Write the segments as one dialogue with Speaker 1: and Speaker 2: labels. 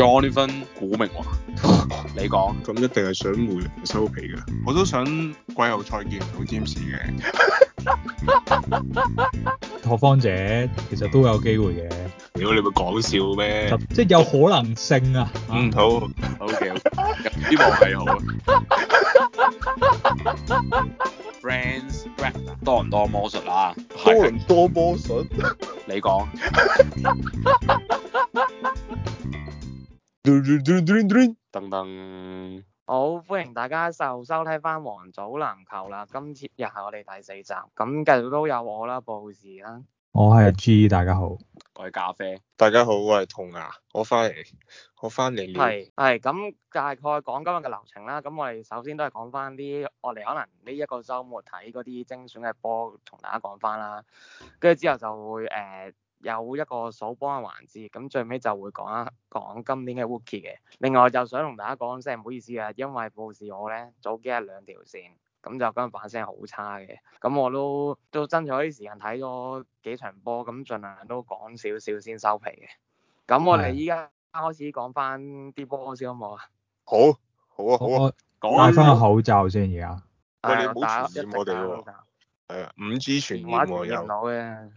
Speaker 1: 做呢份古明話，你講。咁一定係想湖人收皮㗎。我都想季後賽見唔到詹士嘅。
Speaker 2: 拓荒者其實都有機會嘅。
Speaker 1: 屌，你咪講笑咩？
Speaker 2: 即係有可能性啊。嗯
Speaker 3: 好，OK OK。呢個係好。Friends，Raptors。多倫多魔術啊，多倫多魔術。你講。噔噔，噔，噔噔，
Speaker 4: 噔噔，好，歡迎大家就收睇翻《王祖籃球》啦，今次又係我哋第四集，咁繼續都有我啦，報時啦，
Speaker 2: 我係 G，大家好，
Speaker 4: 我係咖啡，
Speaker 2: 大家好，我係銅牙，我翻嚟，
Speaker 4: 我翻嚟了。係，係，咁大概講今日嘅流程啦，咁我哋首先都係講翻啲，我哋可能呢一個周末睇嗰啲精選嘅波，同大家講翻啦，跟住之後就會誒。呃有一個數波嘅環節，咁最尾就會講一講今年嘅 rookie 嘅。另外就想同大家講聲唔好意思嘅，因為報事我咧早幾日兩條線，咁就今日把聲好差嘅。咁我都都爭取啲時間睇多幾場波，咁盡量都講少少先收皮嘅。咁我哋依家開始講翻啲波先好唔
Speaker 2: 好啊？好，好啊，好啊，戴翻我嘛口罩先而家。喂、
Speaker 4: 哎，你唔好傳染我哋喎。五、哎、G 傳染喎又。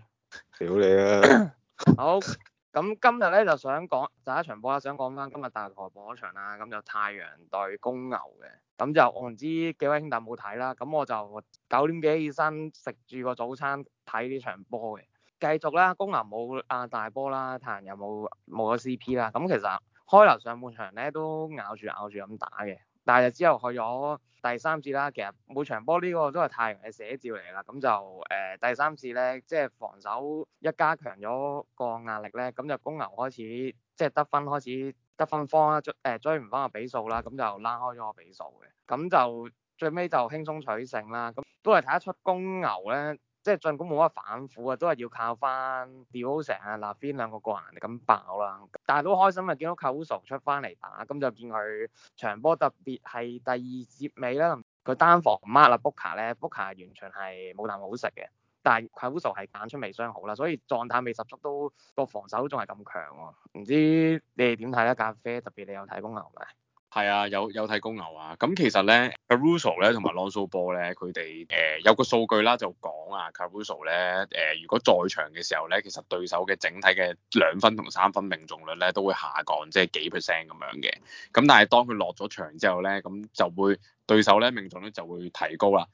Speaker 4: 屌你啊！ 好，咁今日咧就想講第、就是、一場波啦，想講翻今日大台播嗰場啦，咁就太陽對公牛嘅。咁就我唔知幾位兄弟冇睇啦，咁我就九點幾起身食住個早餐睇呢場波嘅。繼續啦，公牛冇啊大波啦，太陽又冇冇咗 CP 啦。咁其實開頭上半場咧都咬住咬住咁打嘅。但係之後去咗第三次啦，其實每場波呢個都係太陽嘅寫照嚟啦，咁就誒、呃、第三次咧，即、就、係、是、防守一加強咗個壓力咧，咁就公牛開始即係、就是、得分開始得分方啦，追、呃、追唔翻個比數啦，咁就拉開咗個比數嘅，咁就最尾就輕鬆取勝啦，咁都係睇得出公牛咧。.即係進攻冇乜反撲啊，都係要靠翻 DeRozan 啊、LaVine 兩個個人咁爆啦。但係都開心啊，見到 Caruso 出翻嚟打，咁就見佢場波，特別係第二節尾啦。佢單防 mark 啦 Booker 咧，Booker Booker 係完全係冇啖好食嘅。但係 Caruso 係揀出未傷好啦，所以狀態未十足都個防守仲係咁強喎。唔知你哋點睇咧？咖啡特別你有睇公牛咪？係啊，有有睇公牛啊。咁、
Speaker 3: 嗯、其實咧 Caruso 咧同埋 Lonzo Ball 咧，佢哋誒有個數據啦，就講啊，Caruso 咧誒、呃，如果在場嘅時候咧，其實對手嘅整體嘅兩分同三分命中率咧都會下降，即、就、係、是、幾 percent 咁樣嘅。咁、嗯、但係當佢落咗場之後咧，咁、嗯、就會對手咧命中率就會提高啦。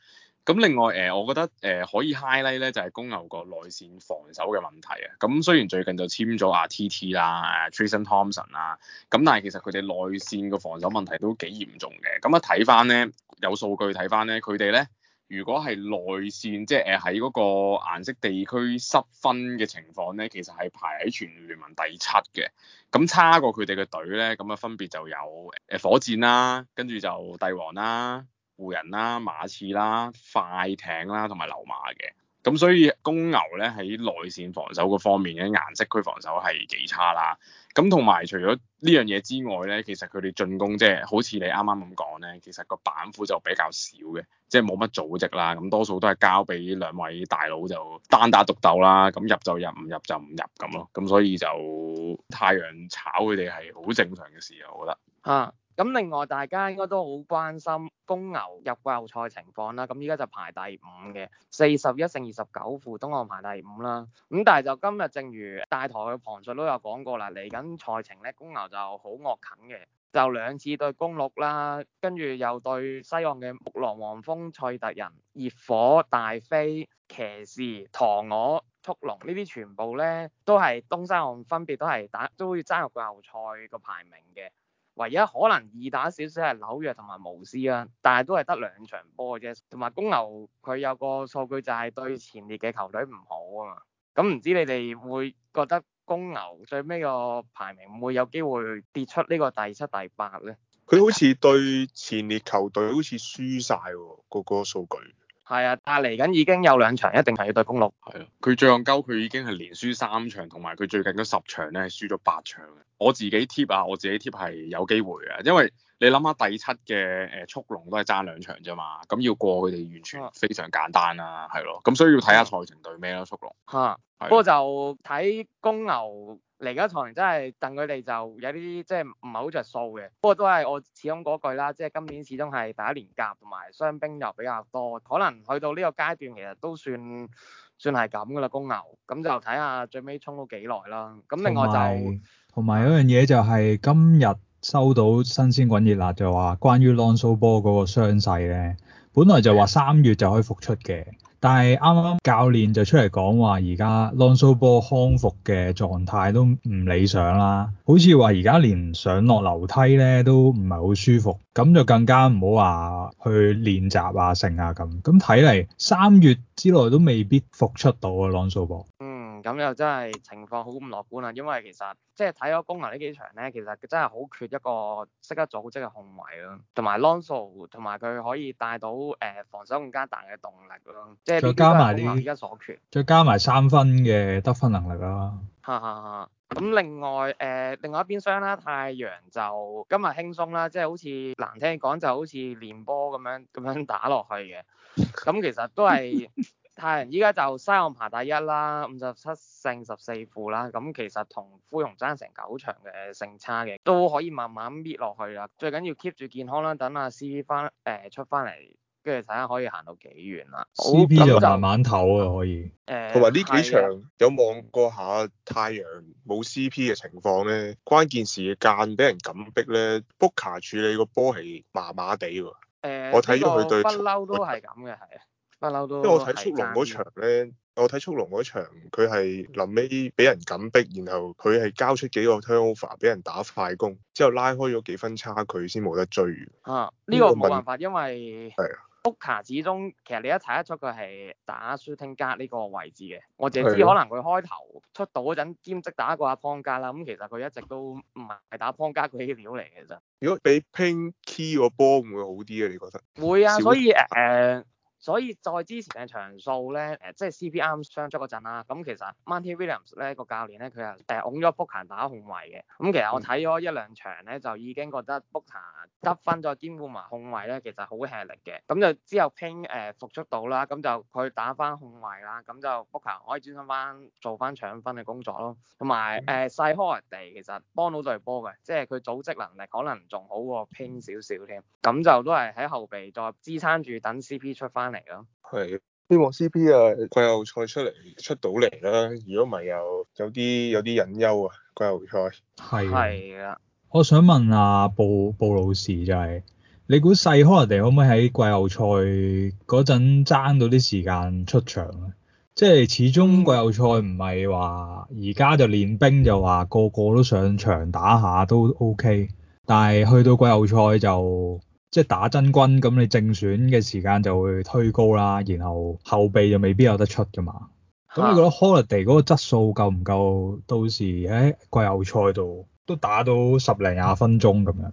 Speaker 3: 咁另外誒、呃，我覺得誒、呃、可以 highlight 咧，就係、是、公牛個內線防守嘅問題啊！咁雖然最近就簽咗阿、啊、T.T 啦、啊、誒 Tristan Thompson 啦、啊，咁但係其實佢哋內線個防守問題都幾嚴重嘅。咁啊睇翻咧，有數據睇翻咧，佢哋咧如果係內線，即係誒喺嗰個顏色地區失分嘅情況咧，其實係排喺全聯盟第七嘅。咁差過佢哋嘅隊咧，咁啊分別就有誒、呃、火箭啦、啊，跟住就帝王啦、啊。湖人啦、馬刺啦、快艇啦同埋溜馬嘅，咁所以公牛咧喺內線防守嗰方面嘅顏色區防守係幾差啦。咁同埋除咗呢樣嘢之外咧，其實佢哋進攻即係好似你啱啱咁講咧，其實個板斧就比較少嘅，即係冇乜組織啦。咁多數都係交俾兩位大佬就單打獨鬥啦。咁入就入，唔入就唔入咁咯。咁所以就太陽炒佢哋係好正
Speaker 4: 常嘅事啊，我覺得。嚇～咁另外大家應該都好關心公牛入季後賽情況啦，咁依家就排第五嘅，四十一勝二十九負，東岸排第五啦。咁但係就今日正如大台嘅旁述都有講過啦，嚟緊賽程咧，公牛就好惡啃嘅，就兩次對公鹿啦，跟住又對西岸嘅木狼黃蜂、賽特人、熱火、大飛、騎士、鵜鶘、速龍呢啲全部咧，都係東西岸分別都係打都要爭入季後賽個排名嘅。唯一可能易打少少係紐約同埋巫師啦，但係都係得兩場波嘅啫。同埋公牛佢有個數據就係對前列嘅球隊唔好啊嘛。咁唔知你哋會覺得公牛最尾個排名會有機會跌出呢個第七第八咧？
Speaker 1: 佢好似對前列球隊好似輸曬
Speaker 3: 個個數據。
Speaker 4: 係啊，但係嚟緊已經有兩場，一定係要對公鹿。係
Speaker 3: 啊，佢脹鳩，佢已經係連輸三場，同埋佢最近嗰十場咧，係輸咗八場。我自己 tip 啊，我自己 tip 係有機會啊，因為你諗下第七嘅，誒，速龍都係爭兩場咋嘛，咁要過佢哋完全非常簡單啊。係咯、啊。咁、啊啊、所以要睇下賽程對咩咯。速龍。
Speaker 4: 吓、啊，啊、不過就睇公牛。嚟而家唐人真係等佢哋就有啲即係唔係好着數嘅，不過都係我始終嗰句啦，即係今年始終係第一年甲同埋傷兵又比較多，可能去到呢個階段其實都算算係咁噶啦，公牛咁就睇下最尾衝咗幾耐啦。咁另外就
Speaker 2: 同埋有樣嘢就係今日收到新鮮滾熱辣就話，關於朗蘇波嗰個傷勢咧，本來就話三月就可以復出嘅。但係啱啱教練就出嚟講話，而家朗蘇波康復嘅狀態都唔理想啦，好似話而家連上落樓梯咧都唔係好舒服，咁就更加唔好話去練習啊、剩啊咁。咁睇嚟三月之內都未必復出到啊，朗蘇波。
Speaker 4: 咁又真係情況好唔樂觀啊！因為其實即係睇咗公牛呢幾場咧，其實真係好缺一個識得組織嘅控衞咯、啊，同埋 Lonzo 同埋佢可以帶到誒防守更加大嘅動力咯、啊。即係加埋啲，再
Speaker 2: 加埋三分嘅得分能力咯、啊。
Speaker 4: 哈哈哈！咁另外誒、呃，另外一邊雙啦，太陽就今日輕鬆啦，即係好似難聽講，就好似練波咁樣咁樣打落去嘅。咁其實都係。 太陽依家就西岸排第一啦，五十七勝十四負啦，咁其實同灰熊爭成九場嘅勝差嘅，都可以慢慢搣落去啦。最緊要 keep 住健康啦，等阿 CP 翻誒出翻嚟，跟住睇下可以行到幾遠啦。CP
Speaker 2: 就慢慢唞啊，可以。誒、呃。同埋呢幾場
Speaker 4: 的
Speaker 1: 有望過下太陽冇 CP 嘅情況咧，關鍵時間俾人緊逼咧，Booker 處理個波係麻麻地喎。誒。
Speaker 4: 我睇咗佢對。不嬲都係咁嘅，係啊。不嬲都，因為我睇速龍嗰場
Speaker 1: 咧，嗯、我睇速龍嗰場，佢係臨尾俾人緊逼，然後佢係交出幾個 turnover 俾人打快攻，之後拉開咗幾分差距先冇得追
Speaker 4: 啊，呢、呢個冇辦法，問因為係啊，Fultz 始終其實你一睇得出佢係打 shooting guard 呢個位置嘅。我淨係知可能佢開頭出到嗰陣兼職打過阿 Pong 加啦，咁其實佢一直都唔係打 Pong 加嗰啲料嚟嘅。其實如
Speaker 1: 果俾 Ping Key 個波會唔會好啲啊？你覺得會啊，打所以誒。Uh,
Speaker 4: 所以在之前嘅場數咧，誒即係 C P M 傷咗嗰陣啦，咁其實 Monty Williams 咧個教練咧佢係誒拱咗 Booker 打控衞嘅，咁其實我睇咗一兩場咧就已經覺得 Booker 得分再兼顧埋控衞咧其實好吃力嘅，咁就之後拼誒復出到啦，咁就佢打翻控衞啦，咁就 Booker 可以專心翻做翻搶分嘅工作咯，同埋誒細 h 人哋其實幫到隊波嘅，即係佢組織能力可能仲好過拼少少添，咁就都係喺後備再支撐住等 C P 出翻。
Speaker 1: 嚟咯，佢希望 CP 啊！季後賽出嚟出到嚟啦，如果唔係又有啲有啲隱憂啊！季後賽係係
Speaker 2: 啊，的 我想問下布布魯士，就係、是，你估細康人哋可唔可以喺季後賽嗰陣爭到啲時間出場咧？即係始終季後賽唔係話而家就練兵就話個個都上場打下都 OK，但係去到季後賽就。即係打真軍，咁你正選嘅時間就會推高啦，然後後備就未必有得出噶嘛。咁你覺得 Holiday 嗰個質素夠唔夠？到時喺季後賽度都打到十零廿分鐘咁樣。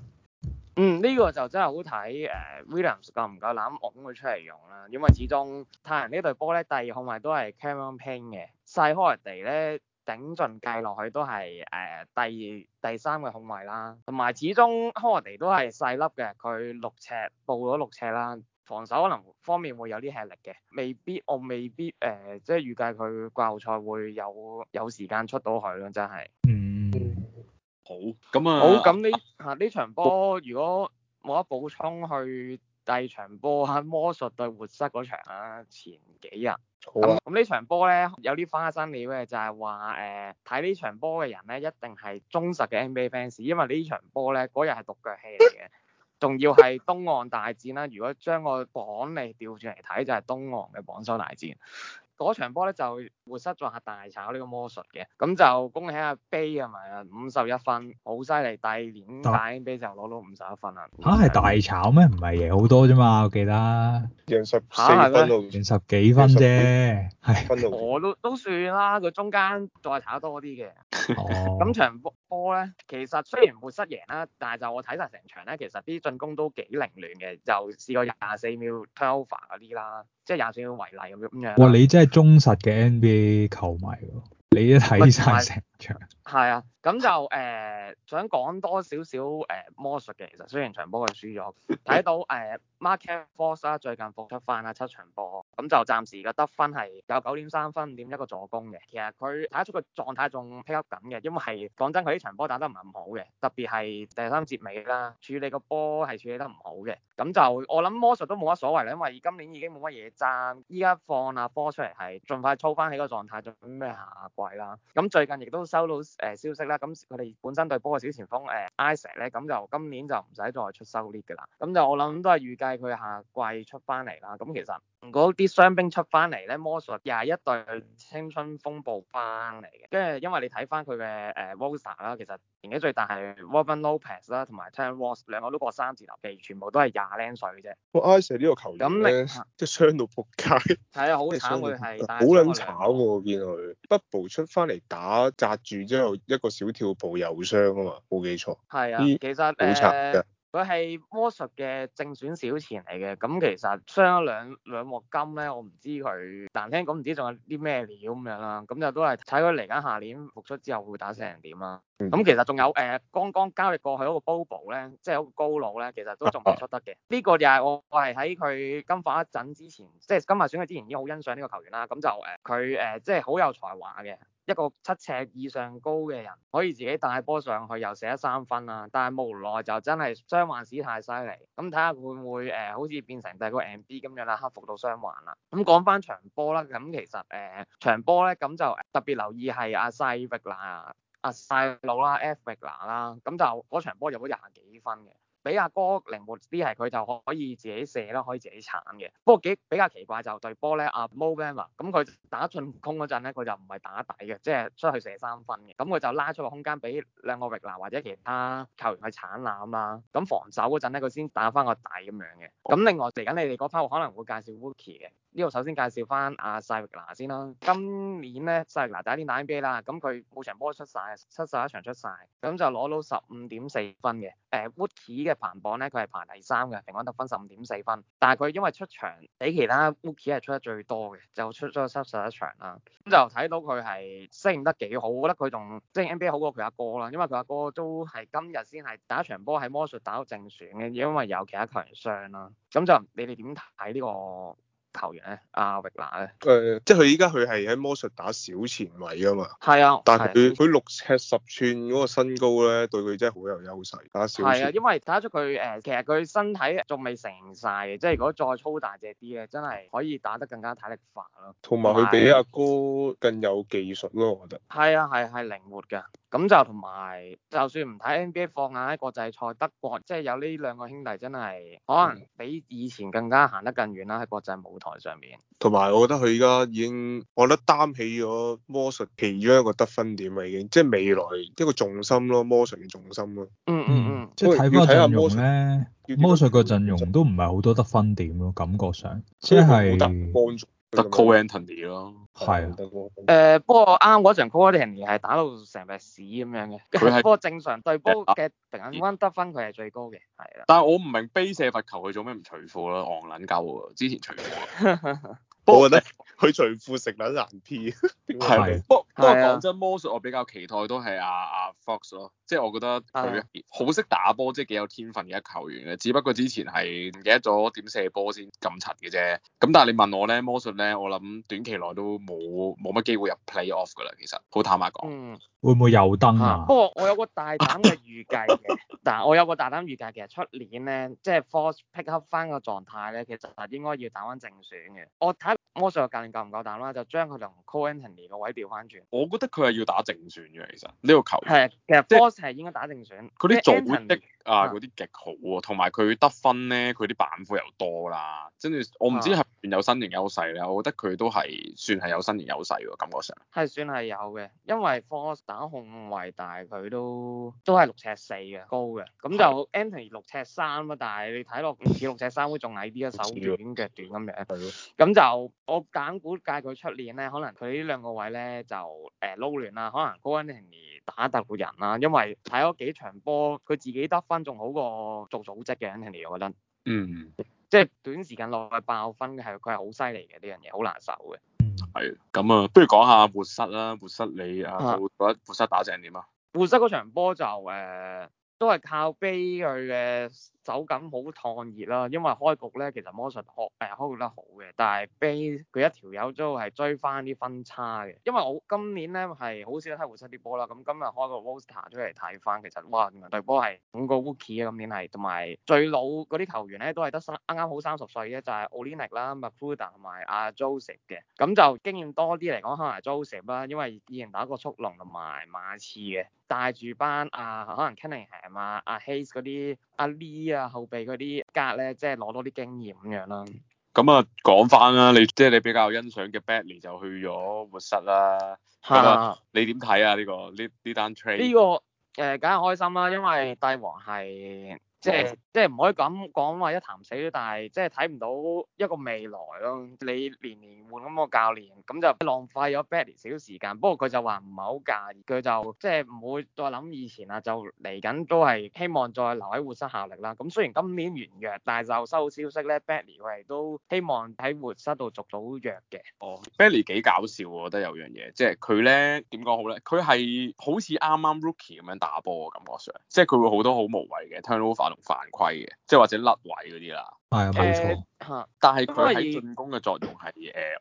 Speaker 4: 嗯，呢個就真係好睇誒，Williams 夠唔夠膽？咁我會出嚟用啦，因為始終太陽呢隊波咧第二控衞都係 Cameron Payne 嘅細 Holiday 咧。頂盡計落去都係誒第二第三嘅控衛啦同埋始終柯爾迪都係細粒嘅，佢六尺報咗六尺啦，防守可能方面會有啲吃力嘅，未必我未必誒即係預計佢季後賽會有有時間出到去囉，真係。嗯。好。咁啊。好，咁呢吓呢場波如果冇得補充去。第二場波喺魔術對活塞嗰場啊，前幾日咁咁呢場波咧有啲花生料嘅，就係話誒睇呢場波嘅人咧一定係忠實嘅 NBA fans，因為呢場波咧嗰日係獨腳戲嚟嘅，仲要係東岸大戰啦。如果將個榜嚟調轉嚟睇，就係東岸嘅榜首大戰。嗰場波咧就活塞仲係大炒呢個魔術嘅，咁就恭喜阿 Bey 啊，五十一分，好犀利！第二年打 NBA 就攞到五十一分啦。
Speaker 2: 嚇係、啊、大炒咩？唔係贏好多啫嘛，我記得。
Speaker 4: 廿四分到、
Speaker 2: 啊、十幾分啫，
Speaker 4: 係。是我都都算啦，佢中間再炒多啲嘅。哦。咁場波咧，其實雖然活塞贏啦，但係就我睇晒成場咧，其實啲進攻都幾凌亂嘅，就試過廿四秒 timeout 嗰啲啦。即係廿四個為例咁樣咁樣。哇！你
Speaker 2: 真係忠實嘅 NBA 球迷喎，你都睇晒成。
Speaker 4: 係啊，咁就誒、呃、想講多少少誒魔術嘅。其實雖然場波佢輸咗，睇到誒、呃、Markelle Fultz 啦，最近復出翻啦七場波，咁就暫時嘅得分係有九點三分、五點一個助攻嘅，其實佢睇得出個狀態仲 pick up 緊嘅，因為係講真佢呢場波打得唔係咁好嘅，特別係第三節尾啦，處理個波係處理得唔好嘅，咁就我諗魔術都冇乜所謂啦，因為今年已經冇乜嘢爭，依家放下波出嚟係盡快操翻起個狀態做咩下季啦，咁最近亦都。收到誒消息啦，咁佢哋本身對波嘅小前鋒誒 Isa 咧，咁就今年就唔使再出收呢㗎啦。咁就我諗都係預計佢下季出翻嚟啦。咁其實嗰啲傷兵出翻嚟咧，魔術又係一隊青春風暴班嚟嘅。跟住因為你睇翻佢嘅誒 roster 啦，其實年紀最大係 Robin Lopez 啦，同埋 Terrence Ross 兩個都過三字頭，其實全部都係廿零歲嘅啫。
Speaker 1: 哇，Isa 呢個球員你即係傷到撲街。係
Speaker 4: 啊，好慘，會係好
Speaker 1: 撚炒喎，見 bubble 出翻嚟打住之後一個小跳步又傷啊嘛，冇記錯。
Speaker 4: 係啊，其實誒，佢係、呃、魔術嘅正選小前嚟嘅，咁其實傷咗兩兩鑊金咧，我唔知佢難聽講，唔知仲有啲咩料咁樣啦，咁就都係睇佢嚟緊下年復出之後會打成點啦。咁其實仲有誒、呃，剛剛交易過去嗰個 Bobo 咧，即係嗰個高佬咧，其實都仲未出得嘅。呢、啊啊、個又係我我係喺佢金塊一陣之前，即係金塊選佢之前已經好欣賞呢個球員啦。咁就誒，佢、呃、誒即係好有才華嘅。一個七尺以上高嘅人可以自己帶波上去又射得三分啦，但係無奈就真係傷患史太犀利，咁睇下會唔會誒好似變成第二個 M B 咁樣啦，克服到傷患啦。咁講翻場波啦，咁其實誒場、呃、波咧咁就特別留意係阿細域拿、阿細佬啦、ula, F 域拿啦，咁就嗰場波入咗廿幾分嘅。比阿哥靈活啲係佢就可以自己射啦，可以自己鏟嘅。不過幾比較奇怪就對波咧，阿、啊、Mo Bamba 咁佢打進攻嗰陣咧，佢就唔係打底嘅，即、就、係、是、出去射三分嘅。咁佢就拉出個空間俾兩個域拿或者其他球員去鏟籃啦、啊。咁防守嗰陣咧，佢先打返個底咁樣嘅。咁另外嚟緊你哋嗰 part 我可能會介紹 Wookie 嘅。呢度首先介紹翻阿細域拿先啦。 今年咧，細域拿第一年打 NBA 啦，咁佢每場波出晒，七十一場出晒。咁就攞到十五點四分嘅。誒，Rookie 嘅排行榜咧，佢 係樂、uh, 排第三嘅，平均得分十五點四分。但係佢因為出場比其他 Rookie 係出得最多嘅，就出咗七十一場啦。咁就睇到佢係適應得幾好，我覺得佢仲即係 NBA 好過佢阿哥啦，因為佢阿哥，哥都係今日先係打一場波喺魔術打到正選嘅，因為有其他球員傷啦。咁就你哋點睇呢個？球嘅，阿域拿咧，誒、
Speaker 1: 呃，即係佢依家佢係喺魔術打小前位㗎嘛，
Speaker 4: 係啊，但係佢佢
Speaker 1: 六尺十寸嗰個身高咧，對佢真係好有優勢打小，係啊，因
Speaker 4: 為睇得出佢誒、呃，其實佢身體仲未成晒嘅，即係如果再粗大隻啲咧，真係可以打得更加體力化咯，同埋佢比阿
Speaker 1: 哥更有技術咯，我
Speaker 4: 覺得，係啊，係係、啊、靈活㗎。咁就同埋，就算唔睇 NBA，放眼喺國際賽，德國即係、就是、有呢兩個兄弟真，真係可能比以前更加行得更遠啦，喺國際舞台上面。
Speaker 1: 同埋我覺得佢而家已經，我覺得擔起咗魔術其中一個得分點啦，已經即係未來一個重心咯，魔術嘅重心咯、嗯。嗯嗯
Speaker 2: 嗯。即係睇下魔容咧，睇睇魔術個陣容都唔係好多得分點咯，感覺上。即係
Speaker 3: 是。得 Cole Anthony 咯。
Speaker 4: 係對波，誒不過啱啱嗰場 Courtney 係打到成塊屎咁樣嘅，佢係是 不過正常對波嘅平均分得分佢係最高嘅，係啦。
Speaker 3: 但係我唔明背射罰球佢做咩唔除褲啦，戇撚鳩喎，之前除過。 我咧，佢除褲食撚難 P，係，不過不過講真，魔術我比較期待都係阿阿 Fultz 咯，即係我覺得佢好識打波，即係幾有天分嘅一球員嘅，只不過之前係唔、嗯、記得咗點射波先咁柒嘅啫。咁但係你問我咧，魔術咧，我諗短期內都冇冇乜機會入 Play Off 噶啦，其實好坦白
Speaker 4: 講。嗯，會
Speaker 2: 唔會又登啊？
Speaker 4: 不過我有個大膽嘅預計嘅， 但我有個大膽預計，其實出年咧，即、就、係、是、Fultz pick up 翻個狀態咧，其實應該要打翻正選嘅。我睇。魔術嘅教練夠唔夠膽啦？就將佢同 Cole Anthony 個位調翻轉。我
Speaker 3: 覺得佢係要打正選嘅，其實呢個球。係，
Speaker 4: 其實 Fultz 係即應該打正選。佢啲組織 Anthony，
Speaker 3: 啊，嗰啲極好喎，同埋佢得分咧，佢啲、啊、板斧又多啦。真係，我唔知係邊有身型優勢咧。我覺得佢都係算係有身型優勢喎，感覺上。
Speaker 4: 係算係有嘅，因為 Fultz 打控衞，但係佢都都係六尺四嘅高嘅，咁就是 Anthony 六尺三啦。但係你睇落唔似六尺三會仲矮啲啊， 手短腳短咁樣。咁就我簡估計佢出年咧，可能佢呢兩個位咧就、誒撈亂啦，可能高恩婷打得個人啦，因為睇咗幾場波，佢自己得分仲好過做組織嘅恩婷婷，我覺得。嗯。即係短時間內爆分嘅係，佢係好犀利嘅呢樣嘢，好難守嘅。嗯。係。咁啊，不如講下活塞啦，活塞你啊，覺得活塞打成點啊？活塞嗰場波就誒。呃都係靠 b 佢嘅手感好燙熱啦，因為開局咧其實魔術開局得好嘅，但係 b 佢一條友都係追翻啲分差嘅。因為我今年咧係好少睇活塞啲波啦，咁今日開個 Roster 出嚟睇翻，其實哇原來隊波係五個 rookie 啊，今年係同埋最老嗰啲球員咧都係得三啱啱好三十歲嘅，就係 Olynyk 啦、McFadden 同埋阿 Joseph 嘅，咁就經驗多啲嚟講，可能 Joseph 啦，因為以前打過速龍同埋馬刺嘅。帶住班啊，可能 Cunningham 啊、阿 Hayes 嗰啲、阿 Lee 啊，啊後備嗰啲格咧，即係攞多啲經驗咁樣啦。咁啊，
Speaker 3: 講翻啦，你即係、就是、你比較欣賞嘅 Bagley 就去咗活塞啦。嚇！你點睇啊？呢、啊這個呢呢單 trade 呢、這個
Speaker 4: 誒，梗、呃、係開心啦、啊，因為帝王係。即係即係唔可以咁講話一潭死，但係即係睇唔到一個未來咯。你年年換咁個教練，咁就浪費咗 Benny 少少時間。不過佢就話唔係好介意，佢就即係唔會再諗以前啦，就嚟緊都係希望再留喺活塞效力啦。咁雖然今年完約，但係就收到消息咧，Benny 佢係都希望喺活塞度續到約嘅。
Speaker 3: 哦，Benny 幾搞笑喎！我覺得有樣嘢，即係佢咧點講好咧？佢係好似啱啱 Rookie 咁樣打波嘅感覺上，即係佢會好多好無謂嘅 turnover。Turn 犯規嘅，即係或者甩位嗰啲啦，係啊、欸，冇錯是為。嚇，但係佢喺進攻嘅作用係誒，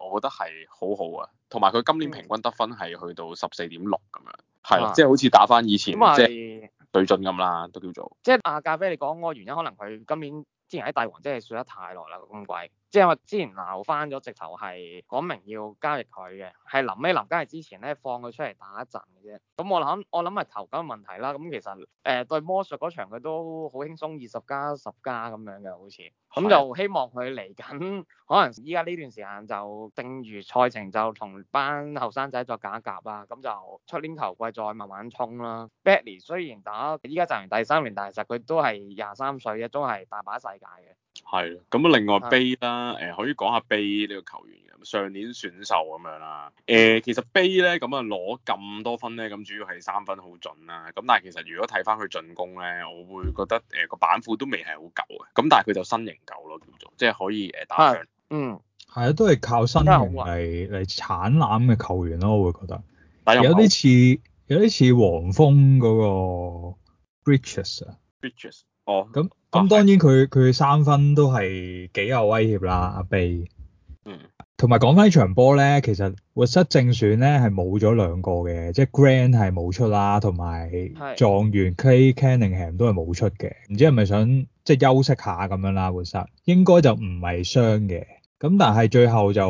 Speaker 3: 我覺得係好好啊。同埋佢今年平均得分係去到十四點六咁樣，係啊，即係好似打返以前即係為對進咁啦，都叫做。
Speaker 4: 即係阿咖啡，你講嗰個原因，可能佢今年之前喺大王真係輸得太耐啦，咁貴。即係我之前鬧翻咗直頭係講明要交易佢嘅，係臨尾臨交易之前咧放佢出嚟打一陣嘅啫。咁我諗我諗係投金問題啦。咁其實誒、呃、對魔術嗰場佢都好輕鬆，二十加十加咁樣嘅好似。咁就希望佢嚟緊，可能依家呢段時間就正如賽程就同班後生仔作假閤啊。咁就出年球季再慢慢衝啦。Bagley 雖然打依家賺完第三年，但係其實佢都係廿三歲，都係大把世界嘅。
Speaker 3: 係，咁啊，另外 Bey 啦，誒、呃，可以講下 Bey 呢個球員嘅上年選秀咁樣啦。誒、呃，其實 Bey 咧，咁啊攞咁多分咧，咁主要係三分好準啦。咁但係其實如果睇翻佢進攻咧，我會覺得誒個、呃、板斧都未係好夠嘅。咁但係佢就身形夠咯，叫做即係可以誒打。嗯，
Speaker 2: 係啊，都係靠身形嚟嚟鏟籃嘅球員咯，我會覺得有啲似有啲似黃蜂嗰個 Bridges 啊，Bridges 哦、oh. 咁。咁、嗯、當然佢佢三分都係幾有威脅啦，阿貝。嗯。同埋講翻呢場波咧，其實活塞正選咧係冇咗兩個嘅，即係 Grant 係冇出啦，同埋狀元 Cade Cunningham 都係冇出嘅。唔知係咪想即係休息下咁樣啦，活塞應該就唔係傷嘅。咁但係最後就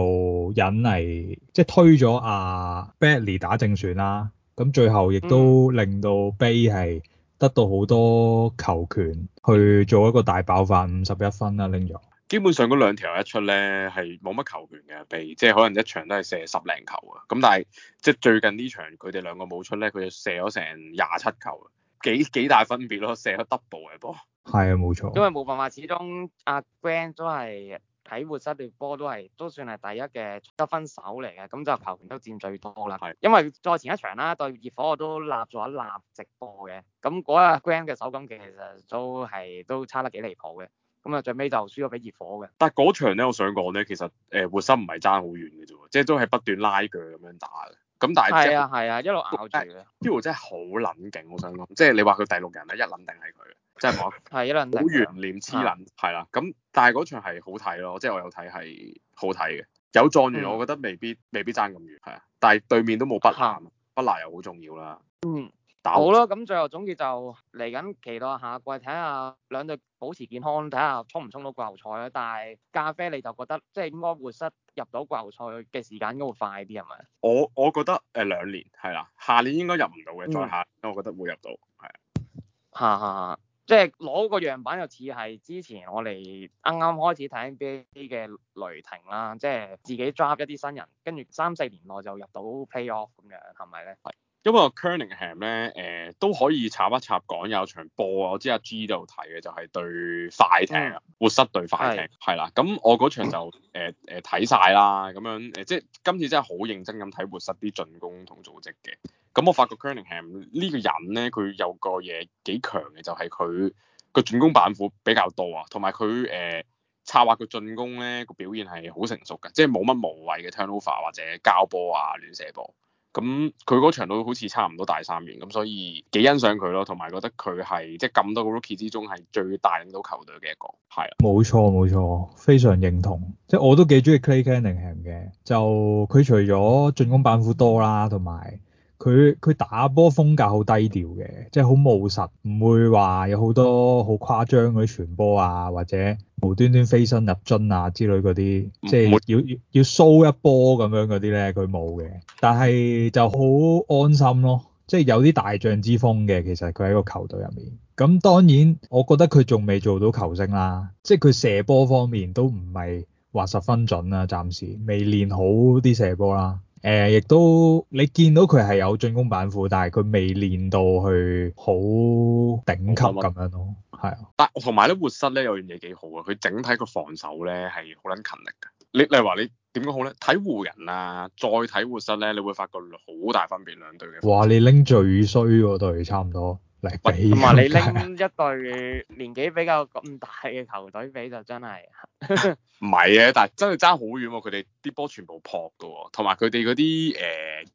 Speaker 2: 引嚟即係推咗阿 Buddy 打正選啦。咁最後亦都令到 Bay 係。嗯得到好多球權去做一個大爆發，五十一分啦拎咗。
Speaker 3: 基本上嗰兩條一出咧，係冇乜球權嘅，譬如，即係可能一場都係射十零球啊。咁但係即係最近呢場佢哋兩個冇出咧，佢就射咗成廿七球啊，幾幾大分別咯，射咗 double 嘅
Speaker 4: 波。
Speaker 2: 係啊，冇錯。因為
Speaker 4: 冇辦法，始終阿、啊、Grant 都係。睇活塞對波都係都算係第一嘅得分手嚟嘅，咁就球權都佔最多啦。係是。因為再前一場啦，對熱火我都立咗一立直播嘅，咁嗰日 Grant 嘅手感其實都係都差得幾離譜嘅，咁啊最尾就輸咗俾熱火嘅。
Speaker 3: 但係嗰場咧，我想講咧，其實誒活塞唔係爭好遠嘅啫，即係都係不斷拉鋸咁樣打嘅。咁但係係啊係啊，一路咬住佢。P 胡真係好撚勁，我想講，即係你話佢第六人咧，一撚定係佢，即係冇。係一撚定。冇懸念，黐撚係啦。咁 但係嗰場係好睇咯，即係我有睇係好睇嘅。有狀元，我覺得未必、嗯、未必爭咁遠，係啊。但係對面都冇不賴，的不賴又好重要啦。嗯。
Speaker 4: 好咯，咁最後總結就嚟緊期待下季，睇下兩隊保持健康，睇下衝唔衝到季後賽咧。但係咖啡你就覺得即係應該活塞入到季後賽嘅時間應該會,會快啲係咪？我
Speaker 3: 我覺得誒、呃、兩年係啦，下年應該入唔到嘅再下，因
Speaker 4: 為、嗯、我覺得會入到。係。下下下，即係攞個樣板又似係之前我哋啱啱開始睇 NBA 嘅雷霆啦，即係自己抓一啲新人，跟住三四年內就入到 playoff 咁樣係咪咧？
Speaker 3: 因為個 Cunningham 咧，誒、呃、都可以插一插講，有場波啊，我知阿 G 度睇嘅就係、就是、對快艇啊，Yeah. 活塞對快艇，係啦 Yeah.。咁我嗰場就誒誒睇晒啦，咁、呃呃、樣誒、呃、即係今次真係好認真咁睇活塞啲進攻同組織嘅。咁我發覺 Cunningham 呢個人咧，佢有個嘢幾強嘅，就係佢個進攻板斧比較多啊，同埋佢誒策劃嘅進攻咧，個表現係好成熟嘅，即係冇乜無謂嘅 turnover 或者交波啊，亂射波。咁佢嗰場都好似差唔多大三元，咁所以幾欣賞佢咯，同埋覺得佢係即係咁多個 rookie 之中係最大領到球隊嘅一個，
Speaker 2: 係啊，冇錯冇錯，非常認同，即係我都幾中意 Cade Cunningham 嘅，就佢除咗進攻板斧多啦，同埋。佢佢打波風格好低調嘅，即係好務實，唔會話有好多好誇張嗰啲傳波啊，或者無端端飛身入樽啊之類嗰啲，即係要要 show 一波咁樣嗰啲咧，佢冇嘅。但係就好安心咯，即係有啲大將之風嘅。其實佢喺個球隊入面，咁當然我覺得佢仲未做到球星啦，即係佢射波方面都唔係話十分準啊，暫時未練好啲射波啦。誒，亦、呃、都你見到佢係有進攻板庫，但係佢未練到去好頂級咁樣咯，係、
Speaker 3: 嗯、啊。但同埋咧，活塞咧有樣嘢幾好啊，佢整體個防守咧係好捻勤力噶你例如話你點講好咧？睇湖人啊，再睇活塞咧，你會發覺好大分別兩
Speaker 2: 隊嘅。哇！你拎最衰嗰隊差唔多嚟，比，唔係是 你拎
Speaker 4: 一隊年紀比較咁大嘅球隊比就真係
Speaker 2: 唔係啊，但係真係
Speaker 3: 爭好遠喎，佢哋。啲波全部 pop 嘅喎，同埋佢哋嗰啲誒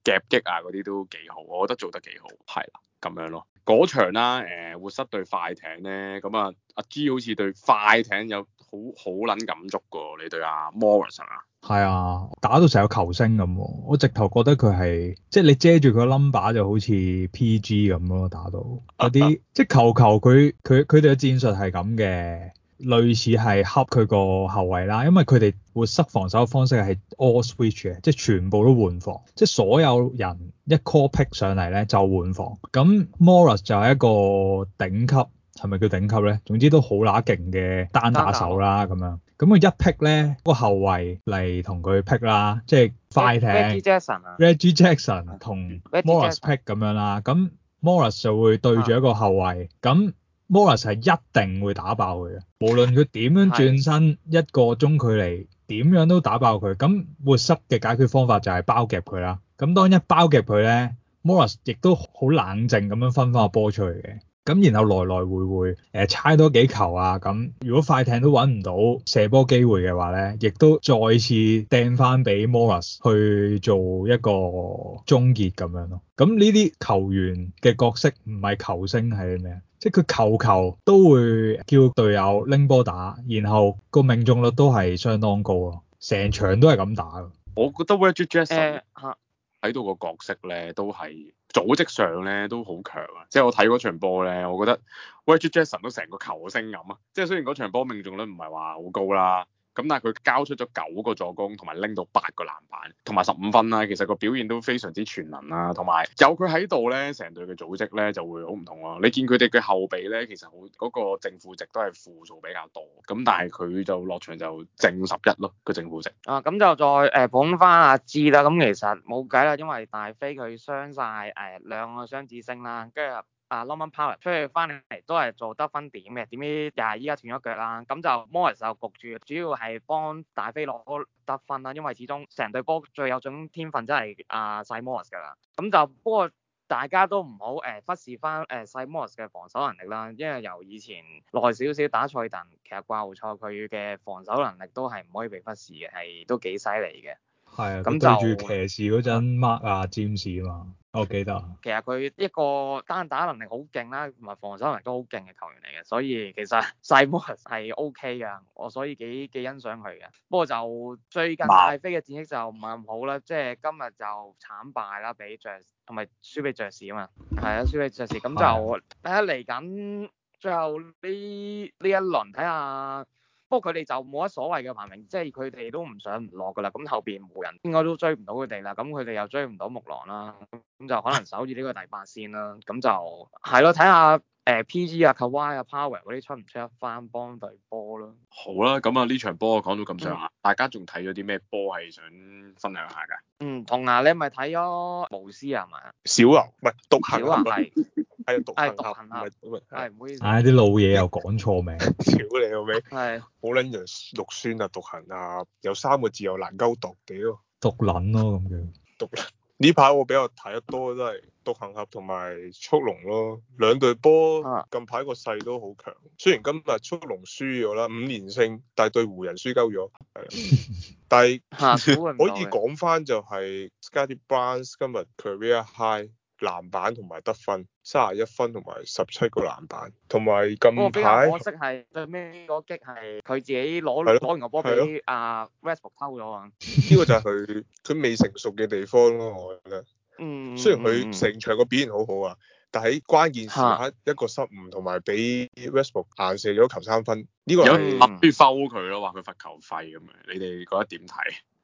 Speaker 3: 夾擊啊嗰啲都幾好，我覺得做得幾好，係啦咁樣咯。嗰場啦誒、呃、活塞對快艇咧，咁啊阿 G 好似對快艇有好好撚感觸嘅喎，你對阿 Morris 啊？
Speaker 2: 係、嗯、啊，打到成個球星咁，我直頭覺得佢係即係你遮住佢個 number 就好似 PG 咁咯，打到嗰啲即係球球佢佢佢哋嘅戰術係咁嘅。類似係恰佢個後衞啦，因為佢哋活塞防守嘅方式係 all switch 嘅，即係全部都換防，即係所有人一 call pick 上嚟咧就換防。咁 Morris 就係一個頂級，係咪叫頂級咧？總之都好乸勁嘅單打手啦咁口樣。咁佢一 pick 咧個後衞嚟同佢 pick 啦，即係快艇。Reggie Jackson 啊。Reggie Jackson 同 Morris pick 咁樣啦，咁 Morris 就會對住一個後衞咁。啊 Morris 係一定會打爆佢嘅，無論佢點樣轉身一個中距離，點的樣都打爆佢。咁活塞嘅解決方法就係包夾佢啦。咁當一包夾佢呢，Morris 亦都好冷靜咁樣分翻個波出嚟嘅。咁然後來來回回誒、呃，猜多幾球啊。咁如果快艇都揾唔到射波機會嘅話呢，亦都再次掟翻俾 Morris 去做一個終結咁樣咯。咁呢啲球員嘅角色唔係球星係咩？即係佢球球都會叫隊友拎波打，然後個命中率都係相當高啊！成場都係咁打我、欸
Speaker 3: 我。我覺得 Reggie Jackson 喺度個角色咧都係組織上咧都好強啊！即係我睇嗰場波咧，我覺得 Reggie Jackson 都成個球星咁啊！即係雖然嗰場波命中率唔係話好高啦。咁但係佢交出咗九個助攻，同埋拎到八個籃板，同埋十五分啦。其實個表現都非常之全能啦，同埋有佢喺度咧，成隊嘅組織咧就會好唔同咯。你見佢哋嘅後備咧，其實好嗰個
Speaker 4: 正負值都係負數比較多，
Speaker 3: 咁但係佢就落場就正十一咯個正負值。
Speaker 4: 啊，咁就再誒捧翻阿智啦。咁其實冇計啦，因為大飛佢傷晒誒兩個雙子星啦，跟住。啊，Norman Powell 出去翻嚟都係做得分點嘅，點知又係依家斷咗腳啦。咁就 Morris 就焗住，主要係幫大飛攞得分啦。因為始終成隊波最有種天分，就係，真係阿細 Morris 噶啦。咁就不過大家都唔好誒忽視翻誒細 Morris 嘅防守能力啦。因為由以前耐少少打賽鄧，其實季後賽佢嘅防守能力都係唔可以被忽視嘅，係都幾犀利嘅。
Speaker 2: 係啊，就對住騎士嗰陣 mark 阿 James 啊嘛。
Speaker 4: 我記得其實佢一個單打能力好勁啦，同埋防守能力都好勁嘅球員嚟嘅，所以其實 Simmons 係 O K 嘅，我所以幾幾欣賞佢嘅。不過就最近大飛嘅戰績就唔係咁好啦，即係今日就慘敗啦，俾爵士同埋輸俾爵士啊嘛，係啊，輸俾爵士，咁就睇下嚟緊最後呢呢一輪睇下，不過佢哋就冇乜所謂嘅排名，即係佢哋都唔上唔落噶啦，咁後邊冇人應該都追唔到佢哋啦，咁佢哋又追唔到木狼啦。咁就 可能守住呢個第八線啦。咁就係咯，睇下，誒，PG 啊、Kawhi 啊、Power 嗰啲，出唔出一翻幫隊波咯。
Speaker 3: 好啦，咁啊，呢場波講到咁上下，大家仲睇咗啲
Speaker 4: 咩波係想分享下噶？嗯，同牙你係咪睇咗巫師啊嘛？
Speaker 2: 小牛唔係
Speaker 4: 獨行。啊，牛係。係獨行啊？唔係，
Speaker 2: 唔好意思。哎，啲老嘢又講錯名。
Speaker 1: 小 你個名係。是好捻住獨孫啊，獨行啊，有三個字又難勾讀，屌。
Speaker 2: 獨捻咯咁樣。
Speaker 1: 獨呢排我比較睇得多都係獨行俠同埋速龍咯，兩隊波近排個勢都好強。雖然今日速龍輸咗啦，五連勝，但係對湖人輸鳩咗，係。但係可以講返就係、是、 Scottie Barnes 今日 career high。籃板同埋得分，三十一分同埋十七個籃板，同埋近排可惜
Speaker 4: 係最咩？嗰擊係佢自
Speaker 1: 己攞，攞完個波俾
Speaker 4: 阿 Westbrook 偷咗啊！呢
Speaker 1: 個就係佢佢未成熟嘅地方咯，我覺得，嗯，雖然佢成場個表現好好啊，但係關鍵時刻一個失誤同埋俾 Westbrook
Speaker 3: 硬射咗球三分，
Speaker 1: 呢個係諗
Speaker 3: 住收佢咯，話佢罰球廢咁樣，你哋覺得點睇？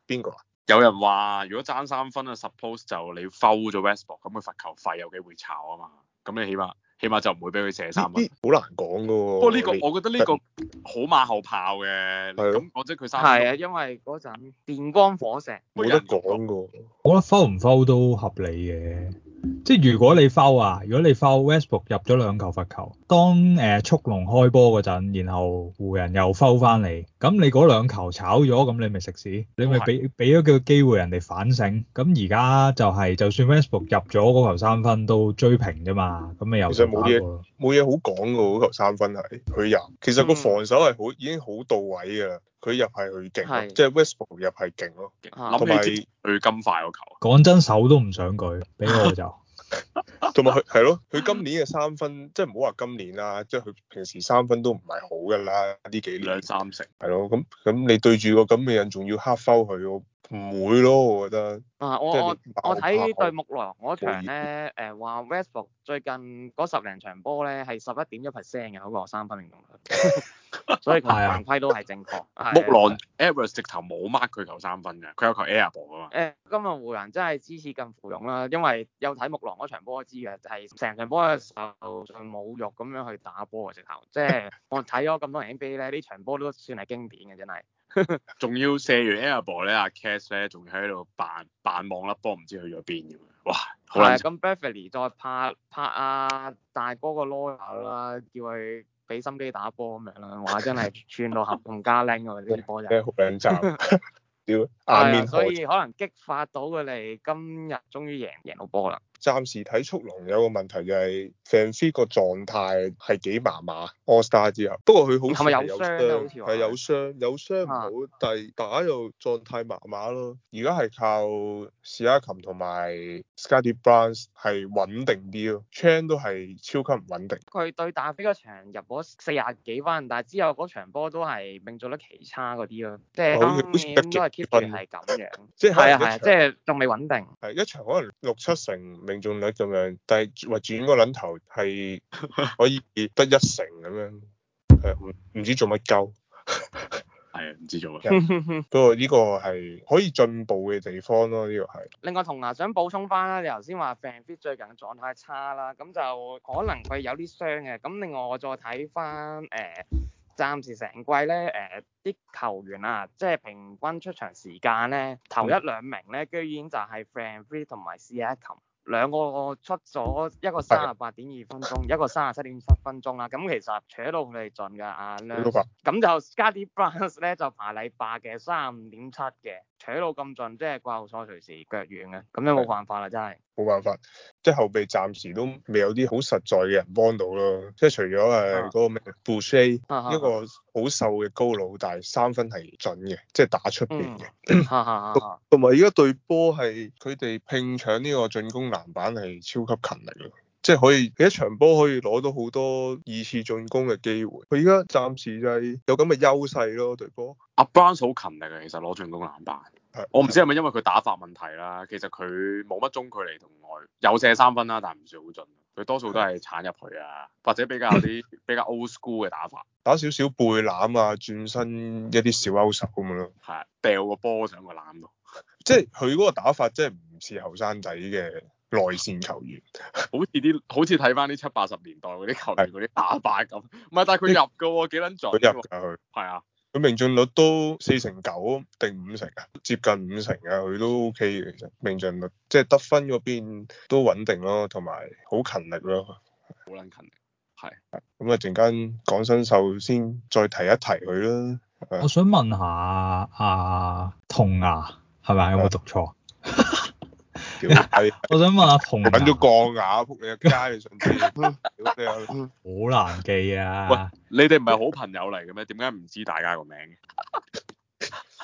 Speaker 3: 邊個啊？有人話，如果爭三分啊，suppose 就你 foul 咗 Westbrook，咁佢罰球費有機會炒啊嘛，咁你起碼起碼就唔會俾佢射三分。
Speaker 1: 好難講㗎喎。不過呢、這個你我
Speaker 3: 覺得呢個好馬後炮嘅。係咯的。咁講咗佢三分。係啊，因為嗰陣
Speaker 4: 電光火石。冇得講㗎。我
Speaker 2: 覺得 foul 唔 foul 都合理嘅。即係如果你 foul 啊，如果你 foul Westbrook、ok、入咗兩球罰球，當誒、呃、速龍開波嗰陣，然後湖人又 foul 翻嚟，咁你嗰兩球炒咗，咁你咪食屎，你咪俾俾咗個機會人哋反省。咁而家就係、是，就算 Westbrook、ok、入咗嗰球三分都追平啫嘛，咁咪又冇嘢，
Speaker 1: 冇嘢好講㗎喎。嗰球三分係佢又，其實個防守係好、嗯、已經好到位㗎。佢入係佢勁，的即係 Westbrook 入係勁咯。同埋佢咁快個球，
Speaker 2: 講的真手都唔想舉，俾 我就。
Speaker 1: 同埋佢係咯，佢今年嘅三分，即係唔好話今年啦，即係佢平時三分都唔係好㗎啦。呢幾年兩三成係咯，咁咁你對住個咁嘅人仲要黑 foul 佢？唔會咯，我覺得。啊，我我睇對
Speaker 4: 木狼嗰場咧，誒話 Westbrook 最近嗰十零場波咧係十一點一 percent 嘅嗰個三分命中率，所以佢行規都係正確。木狼 Evers 直
Speaker 3: 頭冇 mark 佢投三分嘅，佢有投 Airball
Speaker 4: 嘛。誒，今日湖人真係支持更芙蓉啦，因為有睇木狼嗰場波都知嘅，係成場波嘅時候就侮辱咁樣去打波嘅直頭。即係我睇咗咁多 NBA 咧，呢場波都算係經典嘅真係。
Speaker 3: 仲 要射完 Airball 咧，啊，阿 Cash 咧仲要喺度扮扮望粒波，唔知去咗邊咁哇，好難！咁
Speaker 4: Beverley 再拍拍阿大哥個 Loya 啦，叫佢俾心機打波咁樣啦，哇！啊、真係串到合同加靚啊！啲波真係好靚仔，屌、啊、硬、啊、所以可能激發到佢哋今日終於贏贏到波啦。暫
Speaker 1: 時睇速龍有個問題就係 VanVleet 個狀態係幾麻麻，all star 之後不過佢好似有傷？係有,、啊、有傷，有傷,的有傷唔好，啊、但係打又狀態麻麻咯。而家係靠史亞琴同埋 Scottie Barnes 係穩定啲咯 Chan 都係超級唔穩定。
Speaker 4: 佢對打飛嗰場入咗四廿幾分，但係之後嗰場波都係命中率奇差嗰啲咯，即係方面都係 keep 住係咁樣，即係係啊，即係仲未穩定。
Speaker 1: 係一場可能六七成命中率咁樣，但係話轉嗰撚頭係可以得一成咁樣，誒唔唔知做乜鳩，係啊唔知做乜，不過呢個係可以進步嘅地方咯，呢個係。
Speaker 4: 另外，銅牙想補充翻啦，你頭先話范飛最近狀態差啦，咁就可能佢有啲傷嘅。咁另外我再睇翻，誒暫時成季咧，誒啲球員啊，即係平均出場時間咧，頭一兩名咧，居然就係范飛同埋史雅琴。兩個出咗一個三十八點二分鐘， 一個三十七點七分鐘啦。咁、嗯、其實扯到佢哋盡嘅啊，兩咁就加啲 Scottie Barnes 咧，就排禮拜嘅三十五點七嘅。扯到咁盡，即係掛後座隨時腳軟嘅，咁樣冇辦法啦，真係
Speaker 1: 冇辦法，即係後備暫時都未有啲好實在嘅人幫到咯，即係除咗誒嗰個咩 Boucher，一個好瘦嘅高佬，但係三分係準嘅，即係打出面嘅、嗯，同埋而家對波係佢哋拼搶呢個進攻籃板係超級勤力咯。即係可以，一場波可以攞到好多二次進攻嘅機會。佢而家暫時就係有咁嘅優勢咯，對波。
Speaker 3: 阿 b r a m 好勤力嘅，其實攞進攻籃板。的我唔知係咪因為佢打法問題啦，其實佢冇乜中距離同外，有射三分啦，但係唔算好準。佢多數都係鏟入去啊，的或者比較啲 比較 old school 嘅打法，
Speaker 1: 打少少背籃啊，轉身一啲小勾手咁樣咯。係啊，掉個波上個籃咯。 即係佢嗰個打法即係唔似後生仔嘅。內線球員，
Speaker 3: 好似啲好似睇翻啲七八十年代嗰啲球員啲打扮咁，唔係，但係佢入嘅喎，幾撚早佢入嘅佢。係啊，
Speaker 1: 佢命中率都四成九定五成啊，接近五成啊，佢都 OK 嘅，其實命中率即係得分嗰邊都穩定咯，同埋好勤力咯勤勤，好撚勤力。係。咁啊，陣間講新秀先，再提一提佢啦。我
Speaker 2: 想問下阿銅牙，係、啊、咪、啊、有冇讀錯？係， 我想問阿彭揾咗銅牙，撲你個街，你想知？好難記啊！ 喂，你
Speaker 3: 哋唔係好朋友嚟嘅咩？點解唔知大家個名嘅？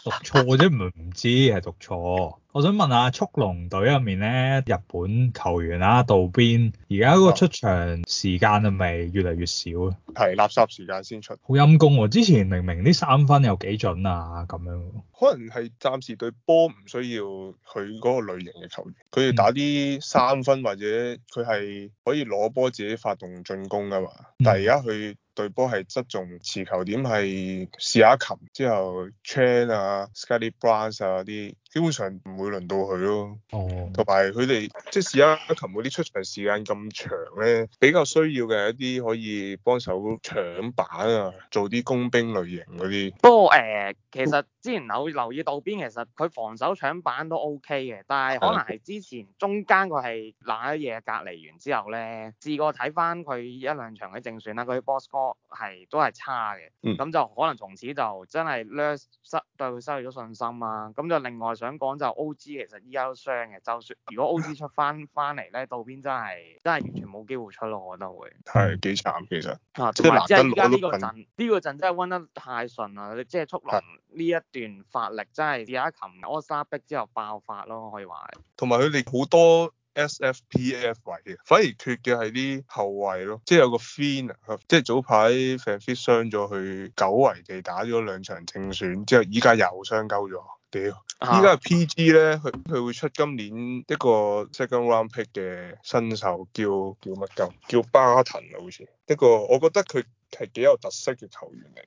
Speaker 2: 讀錯或者唔唔知係讀錯。我想問下，速龍隊入面咧，日本球員啊，渡邊，而家嗰個出場時間係咪越嚟越少啊？係、嗯、垃圾時間先出，好陰功喎！之前明明啲三分有幾準啊咁樣。可
Speaker 1: 能係暫時對波唔需要佢嗰個類型嘅球員，佢要打啲三分、嗯、或者佢係可以攞波自己發動進攻噶嘛。但係而家佢。對波係側重持球點，係試下琴之後 chain 啊，Scottie Barnes 啊啲。基本上唔會輪到佢咯，哦、oh.，同埋佢哋即係史拉琴嗰啲出場時間咁長咧，比較需要嘅一啲可以幫手搶板啊，做啲工兵類型嗰啲。不
Speaker 4: 過誒其實之前有留意到邊，其實佢防守搶板都 OK 嘅，但係可能係之前的中間佢係冷一夜，隔離完之後咧，試過睇翻佢一兩場嘅正選啦，佢啲 box score 係都係差嘅，咁、嗯、就可能從此就真係 lose 失對佢失去咗信心啦、啊。咁就另外。想講就 O.G. 其實依家都傷嘅，就算如果 O.G. 出翻翻嚟咧，道邊真係真係完全冇機會出咯，我覺得會
Speaker 1: 係幾慘其實。啊，即係而家呢
Speaker 4: 個陣呢個陣真係温得太順啦，即係速龍呢一段發力真係試下一擒阿沙逼之後爆發咯，可以話。
Speaker 1: 同埋佢哋好多 S.F.P.A.F. 位嘅，反而缺嘅係啲後衞咯，即係有個 Fin 啊，即係早排范 fit 傷咗去久違地打咗兩場正選之後，依家又傷鳩咗。屌，依家係 PG 咧，佢佢會出今年一個 second round pick 嘅新秀，叫叫乜鳩？叫巴騰啊，好似一個，我覺得佢係幾有特色嘅球員嚟。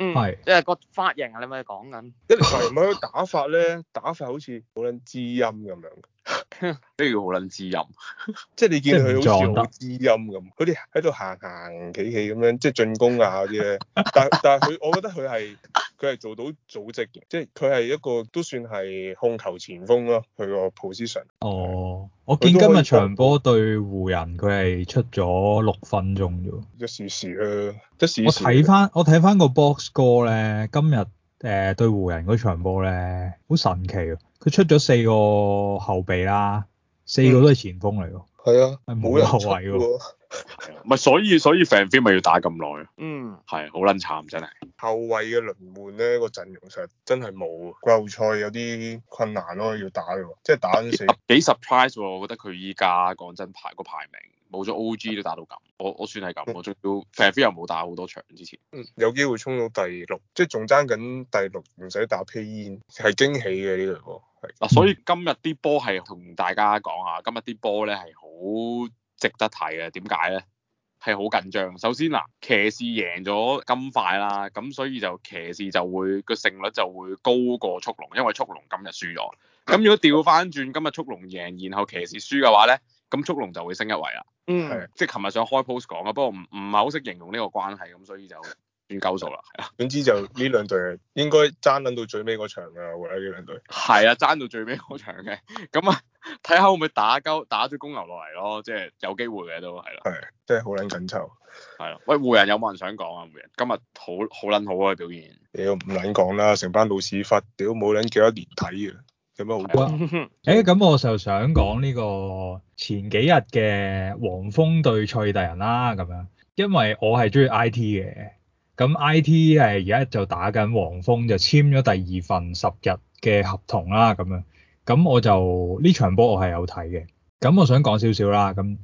Speaker 1: 嗯，
Speaker 4: 係，即係個髮型啊，你咪講緊。
Speaker 1: 一嚟、嗯那個、髮型，二 打法咧，打法好似好撚知音咁樣。 知不如胡倫治音，即係你見佢好似好知音咁，佢哋喺度行行企企咁樣，即係進攻啊啲咧。 但係但係佢，我覺得佢係佢係做到組織嘅，即係佢係一個都算係控球前鋒咯，佢個 position。
Speaker 2: 哦，是我見看 今日場波對湖人，佢係出咗六分鐘啫。
Speaker 1: 一時時啦，一時時。
Speaker 2: 我睇翻我睇翻個 box score 咧，今日誒、呃、對湖人嗰場波咧，好神奇啊！佢出咗四個後備啦，四個都係前鋒嚟㗎。係啊、嗯，冇後衞
Speaker 3: 喎。唔係， 所以所以 fan feel 咪要打咁耐。嗯，係好撚慘真係。
Speaker 1: 後衞嘅輪換咧，個陣容上真係冇。季後賽有啲困難咯，要打㗎喎。即、就、係、是、打
Speaker 3: 緊四幾 surprise 喎，我覺得佢依家講真排個排名。冇咗 O.G. 都打到咁，我我算係咁，嗯、我仲要 Fey 又冇打好多場之前，
Speaker 1: 有機會衝到第六，即係仲爭緊第六，唔使打 Play-in
Speaker 3: 係驚喜嘅呢隊波。嗱、這個啊，所以今日啲波係同大家講下，今日啲波咧係好值得睇嘅。點解咧？係好緊張。首先嗱，騎士贏咗咁快啦，咁所以就騎士就會個勝率就會高過速龍，因為速龍今日輸咗。咁如果調翻轉今日速龍贏，然後騎士輸嘅話咧，咁速龍就會升一位啦。嗯，係的，即係琴日想開 post 講啊，不過唔唔係好識形容呢個關係咁，所以就算夠數啦，係啊。總之就呢兩隊應該爭捻到最尾嗰場嘅，或者呢兩隊係啊，爭到最尾嗰場嘅。咁啊，睇下會唔會打鳩打咗公牛落嚟咯，即係有機會嘅都係啦。係，即係好捻緊湊。係咯，喂，湖人有冇人想講啊？湖人今日好好捻好啊，表現。
Speaker 1: 你都唔捻講啦，成班老屎忽，屌冇捻幾多年睇嘅。
Speaker 2: 有咁、 欸、我就想講呢個前幾日嘅黃蜂對賽大人啦，咁樣，因為我係中意 I T 嘅，咁 I T 係而家就打緊黃蜂，就簽咗第二份十日嘅合同啦，咁樣，咁我就呢場波我係有睇嘅，咁我想講少少啦，咁。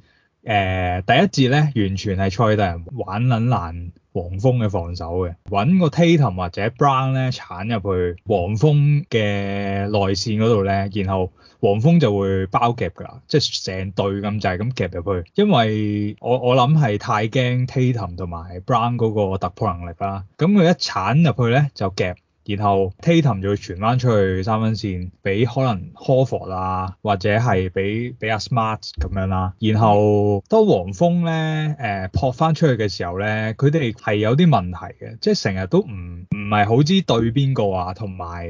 Speaker 2: 誒、呃、第一節咧，完全係賽特人玩撚爛黃蜂嘅防守嘅，揾個 Tatum 或者 Brown 咧鏟入去黃蜂嘅內線嗰度咧，然後黃蜂就會包夾㗎啦，即係成隊咁就係咁夾入去，因為我我諗係太驚 Tatum 同埋 Brown 嗰個突破能力啦，咁佢一鏟入去咧就夾。然後 Tatum 就會傳翻出去三分線，俾可能 Horford 啊，或者係俾俾阿 Smart 咁樣啦、啊。然後當黃蜂咧誒、呃、撲翻出去嘅時候咧，佢哋係有啲問題嘅，即係成日都唔唔係好知對邊個啊，同埋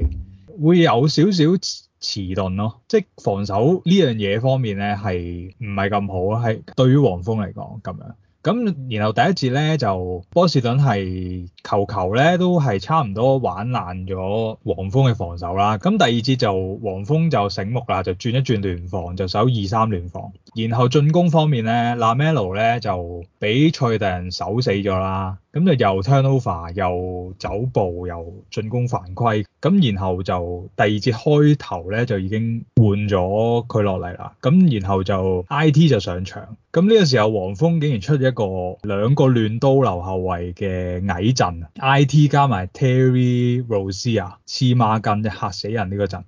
Speaker 2: 會有少少遲遲鈍咯，即係防守呢樣嘢方面咧係唔係咁好啊？係對於黃蜂嚟講咁樣。咁然後第一節咧就波士頓係球球咧都係差唔多玩爛咗黃蜂嘅防守啦。咁第二節就黃蜂就醒目啦，就轉一轉聯防，就守二三聯防。然後進攻方面咧，拉梅洛咧就俾塞爾特人守死咗啦。咁就又 turnover，又走步，又進攻犯規，咁然後就第二節開頭咧就已經換咗佢落嚟啦，咁然後就 I.T. 就上場，咁呢個時候黃蜂竟然出一個兩個亂刀流後衞嘅矮陣，I.T. 加埋 Terry Rozier 啊，黐孖筋啫，嚇死人呢個陣。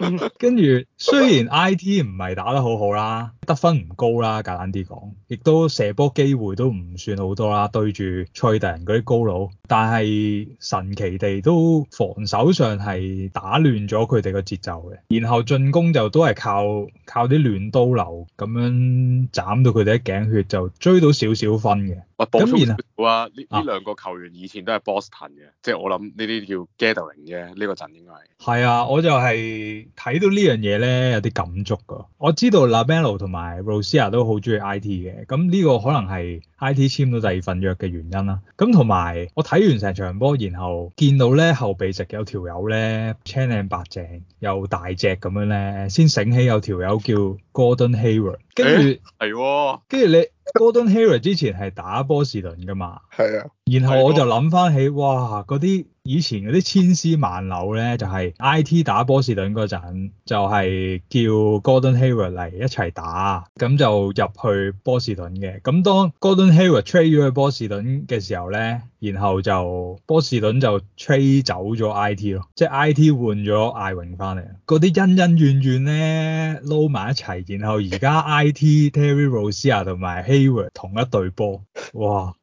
Speaker 2: 跟住，雖然 I.T. 唔係打得好好啦，得分唔高啦，簡單啲講，亦都射波機會都唔算好多啦。對住賽特人嗰啲高佬，但係神奇地都防守上係打亂咗佢哋個節奏嘅，然後進攻就都係靠靠啲亂刀流咁樣斬到佢哋一頸血，就追到少少分嘅。哇后！咁而啊，
Speaker 3: 呢呢兩個球員以前都係 Boston 嘅，即係、啊、我諗呢啲叫 Gathering 嘅，呢、這個陣應該
Speaker 2: 係。係啊，我就係、是。睇到呢樣嘢呢，有啲感觸㗎。我知道 LaMelo 同埋 Rozier 都好中意 I.T. 嘅，咁呢個可能係 I.T. 簽到第二份約嘅原因啦。咁同埋我睇完成場波，然後見到呢後備席有條友咧，青靚白淨又大隻咁樣呢，先醒起有條友叫 Hayward、欸、Gordon Hayward 跟住，係跟住你 Gordon Hayward 之前係打波士頓㗎嘛？係啊、欸，然後我就諗翻起，欸、哇，嗰啲～以前嗰啲千絲萬縷咧，就係、是、I.T 打波士頓嗰陣，就係、是、叫 Gordon Hayward 嚟一齊打，咁就入去波士頓嘅。咁當 Gordon Hayward trade 咗去波士頓嘅時候咧，然後就波士頓就 trade 走咗 I.T 咯，即係 I.T 換咗艾榮翻嚟。嗰啲恩恩怨怨咧撈埋一齊，然後而家 I.T Terry Rozier 同埋 Hayward 同一隊波，哇！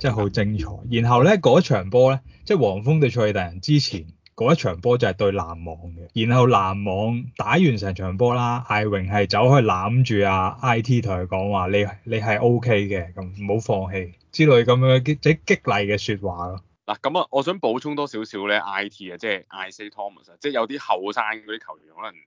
Speaker 2: 真係好精彩，然後咧嗰場波咧，即係黃蜂對塞爾特人之前嗰一場波就係對籃網嘅，然後籃網打完成場波啦，艾榮係走去攬住阿 IT 同佢講話：你你係 OK 嘅，咁唔好放棄之類咁樣啲激勵嘅說話咯。
Speaker 3: 嗱咁啊，我想補充多少少咧 I.T. 啊、呃，即係 Isaiah Thomas 啊，即係有啲後生嗰啲球員可能誒，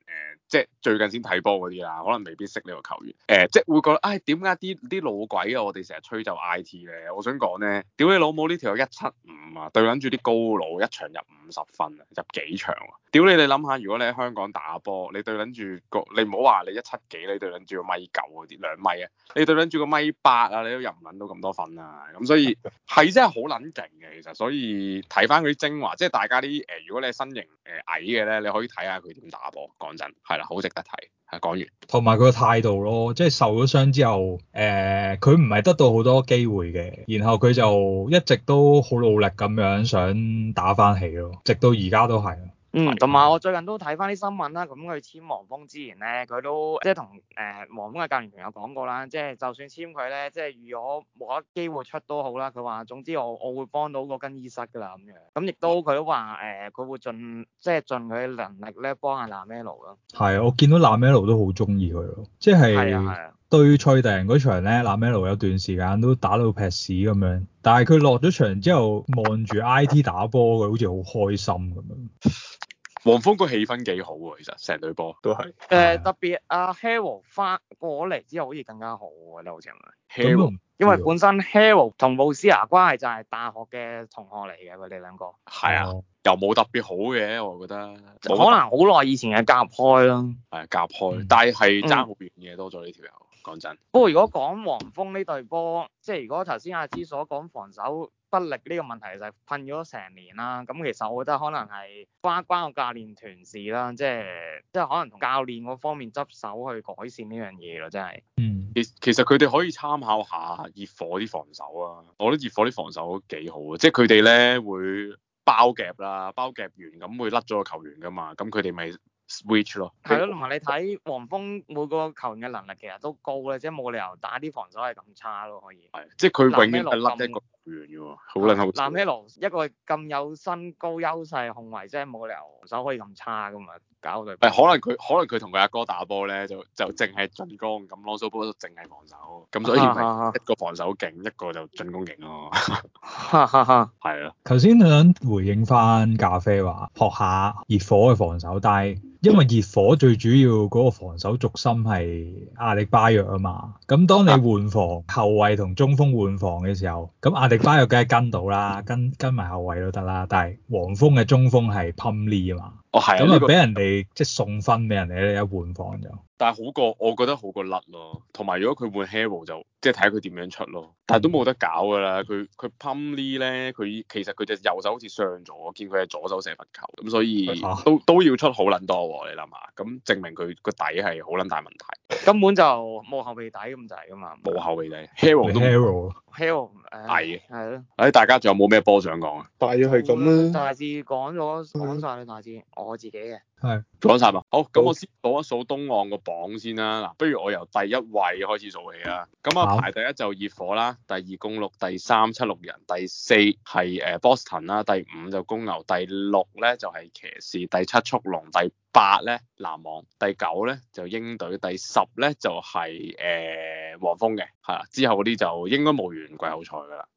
Speaker 3: 即係最近先睇波嗰啲啦，可能未必識呢個球員誒、呃，即係會覺得，唉、哎，點解啲啲老鬼啊，我哋成日吹就 I.T. 咧？我想講咧，屌你老母呢條有一七五啊，對撚住啲高佬一場入五十分啊，入幾場啊？屌你，你諗下，如果你喺香港打波，你對撚住個，你唔好話你一七幾你對撚住個米九嗰啲兩米啊，你對撚住個米八啊，你都入唔撚到咁多分啊？咁所以係真係好撚勁嘅，其實所。可以睇翻佢啲精華，即係大家啲誒、呃，如果你身型誒、呃、矮嘅咧，你可以睇下佢點打波。講真，係啦，好值得睇。係講完，
Speaker 2: 同埋佢個態度咯，即係受咗傷之後，誒佢唔係得到好多機會嘅，然後佢就一直都好努力咁樣想打翻起咯，直到而家都係。
Speaker 4: 嗯，同埋我最近都睇翻啲新聞啦。咁佢簽黃蜂之前咧，佢都即係同誒黃蜂嘅教練朋友講過啦。即係就算簽佢咧，即係如果冇乜機會出都好啦。佢話總之我我會幫到個更衣室㗎啦咁樣。咁亦都佢都話誒，佢、呃、會盡即係盡佢能力咧幫下拉梅洛咯。
Speaker 2: 係啊，我見到拉梅洛都好中意佢咯，即係對賽地人嗰場咧，拉梅洛有段時間都打到劈屎咁樣，但係佢落咗場之後，望住 I T 打波，佢好似好開心咁樣。 黃蜂
Speaker 3: 個氣氛幾好喎，其實成隊波都係
Speaker 4: 是。誒、嗯，特別阿 Harold 翻過嚟之後，好似更加好喎，好似啊。Harold 因為本身 Harold 同布斯亞關係就係大學嘅同學嚟嘅，佢哋兩個。係啊，
Speaker 3: 以又冇特別
Speaker 4: 好嘅，我覺得。可能好耐以前係夾開啦。係夾、啊、開，嗯、但係係爭好遠嘅多咗呢條友。講真，不過如果講黃蜂呢隊波，即、就、係、是、如果頭先阿芝所講防守。不力呢個問題就係困咗成年啦，咁其實我覺得可能係關關個教練團事啦，即係即係可能同教練嗰方面執手去改善呢樣嘢咯，真係。嗯。
Speaker 3: 其其實佢哋可以參考下熱火啲防守啊，我覺得熱火啲防守幾好啊，即係佢哋呢會包夾啦，包夾完咁會甩咗個球員㗎嘛，咁佢哋咪。switch 咯，
Speaker 4: 係咯，同埋你睇黃蜂每個球員嘅能力其實都高咧，即係冇理由打啲防守係咁差咯，可以。係，即係佢永遠係甩一個球員嘅喎，
Speaker 3: 好難好。LaMelo
Speaker 4: 一個咁有身高優勢控衞，即係冇理由防守可以咁差噶嘛，搞到
Speaker 3: 對。誒，可能佢可能佢同佢阿哥打波咧，就就淨係進攻，咁朗蘇波都淨係防守，咁所以咪一個防守勁，一個就進攻勁咯。
Speaker 4: 哈哈
Speaker 2: 哈，係啊。頭先想回應返咖啡話，學下熱火嘅防守，但係。因為熱火最主要嗰個防守軸心係阿迪巴約啊嘛，咁當你換防後衛同中鋒換防嘅時候，咁阿迪巴約梗係跟到啦，跟跟埋後衛都得啦，但係黃蜂嘅中鋒係 Plumlee 啊嘛。咁啊，俾人哋即係送分俾人哋咧，一換房就。
Speaker 3: 但係好過，我覺得好過甩咯。同埋如果佢換 Hero 就，即係睇下佢點樣出咯。但係都冇得搞噶啦，佢佢 Pumley 咧，佢其實佢隻右手好似上咗，見佢係左手射罰球，咁所以都都要出好撚多喎，你諗下。咁證明佢個底係好撚大問題。
Speaker 4: 根本就冇後備底咁滯噶嘛。冇後備底
Speaker 3: ，Hero 都。
Speaker 4: Hero 危嘅。係咯。
Speaker 3: 哎，大家仲有冇咩波想講
Speaker 4: 啊？大致係咁大致講咗講晒啦，大致我自己嘅
Speaker 3: 係講曬啦。好，咁我先數一數東岸個榜先啦。嗱、啊，不如我由第一位開始數起啦。咁啊，排第一就熱火啦，第二公鹿，第三七六人，第四係 Boston 啦，第五就公牛，第六咧就係騎士，第七速龍，第八咧籃網，第九咧就鷹隊，第十咧就係、是、誒、呃、黃蜂嘅。係、啊、啦，之後嗰啲就應該冇完季後賽噶啦。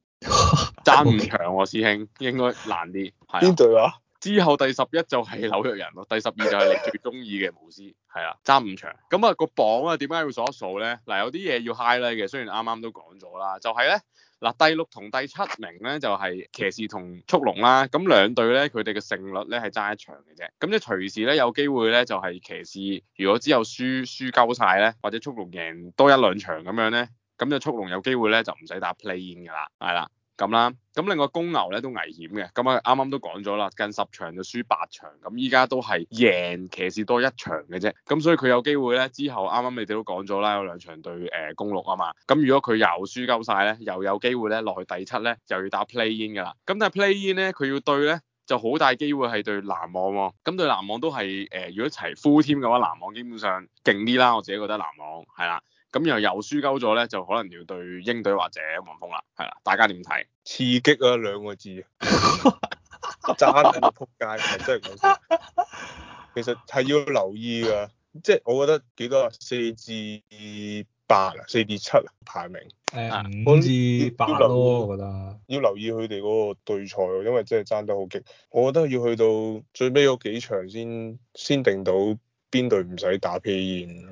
Speaker 3: 爭唔 長喎、啊，師兄，應該難啲。邊隊啊？之後第十一就係紐約人咯，第十二就係你最中意嘅巫師，係啦，爭五場。咁、那、啊個榜啊點解要數一數咧？嗱，有啲嘢要 highlight 嘅，雖然啱啱都講咗、就是、啦，就係咧嗱第六同第七名咧就係、是、騎士同速龍啦。咁兩隊咧佢哋嘅勝率咧係爭一場嘅啫。咁即係隨時咧有機會咧就係騎士，如果之後輸輸夠晒咧，或者速龍贏多一兩場咁樣咧，咁就速龍有機會咧就唔使打 play in 嘅啦，係啦。咁啦，咁另外公牛咧都危險嘅，咁啊啱啱都講咗啦，近十場就輸八場，咁依家都係贏騎士多一場嘅啫，咁所以佢有機會咧，之後啱啱你哋都講咗啦，有兩場對誒公鹿啊嘛，咁如果佢又輸鳩晒咧，又有機會咧落去第七咧，又要打 Play In 㗎喇，咁但係 Play In 咧佢要對咧就好大機會係對籃網喎、哦，咁對籃網都係誒、呃，如果齊 full team 嘅話，籃網基本上勁啲啦，我自己覺得籃網係啦。咁又又輸鳩咗咧，就可能要對英隊或者黃蜂啦，係啦，大家點睇？刺激啊兩個字，爭到撲街係真係咁。
Speaker 1: 其實係要留意㗎，即係我覺得幾多啊？四至八啊，四至七啊，排名
Speaker 2: 誒五至八咯，嗯、我覺得
Speaker 1: 要留意佢哋嗰個對賽喎，因為真係爭得好激烈。我覺得要去到最尾嗰幾場先先定到。邊隊唔使打 P 煙？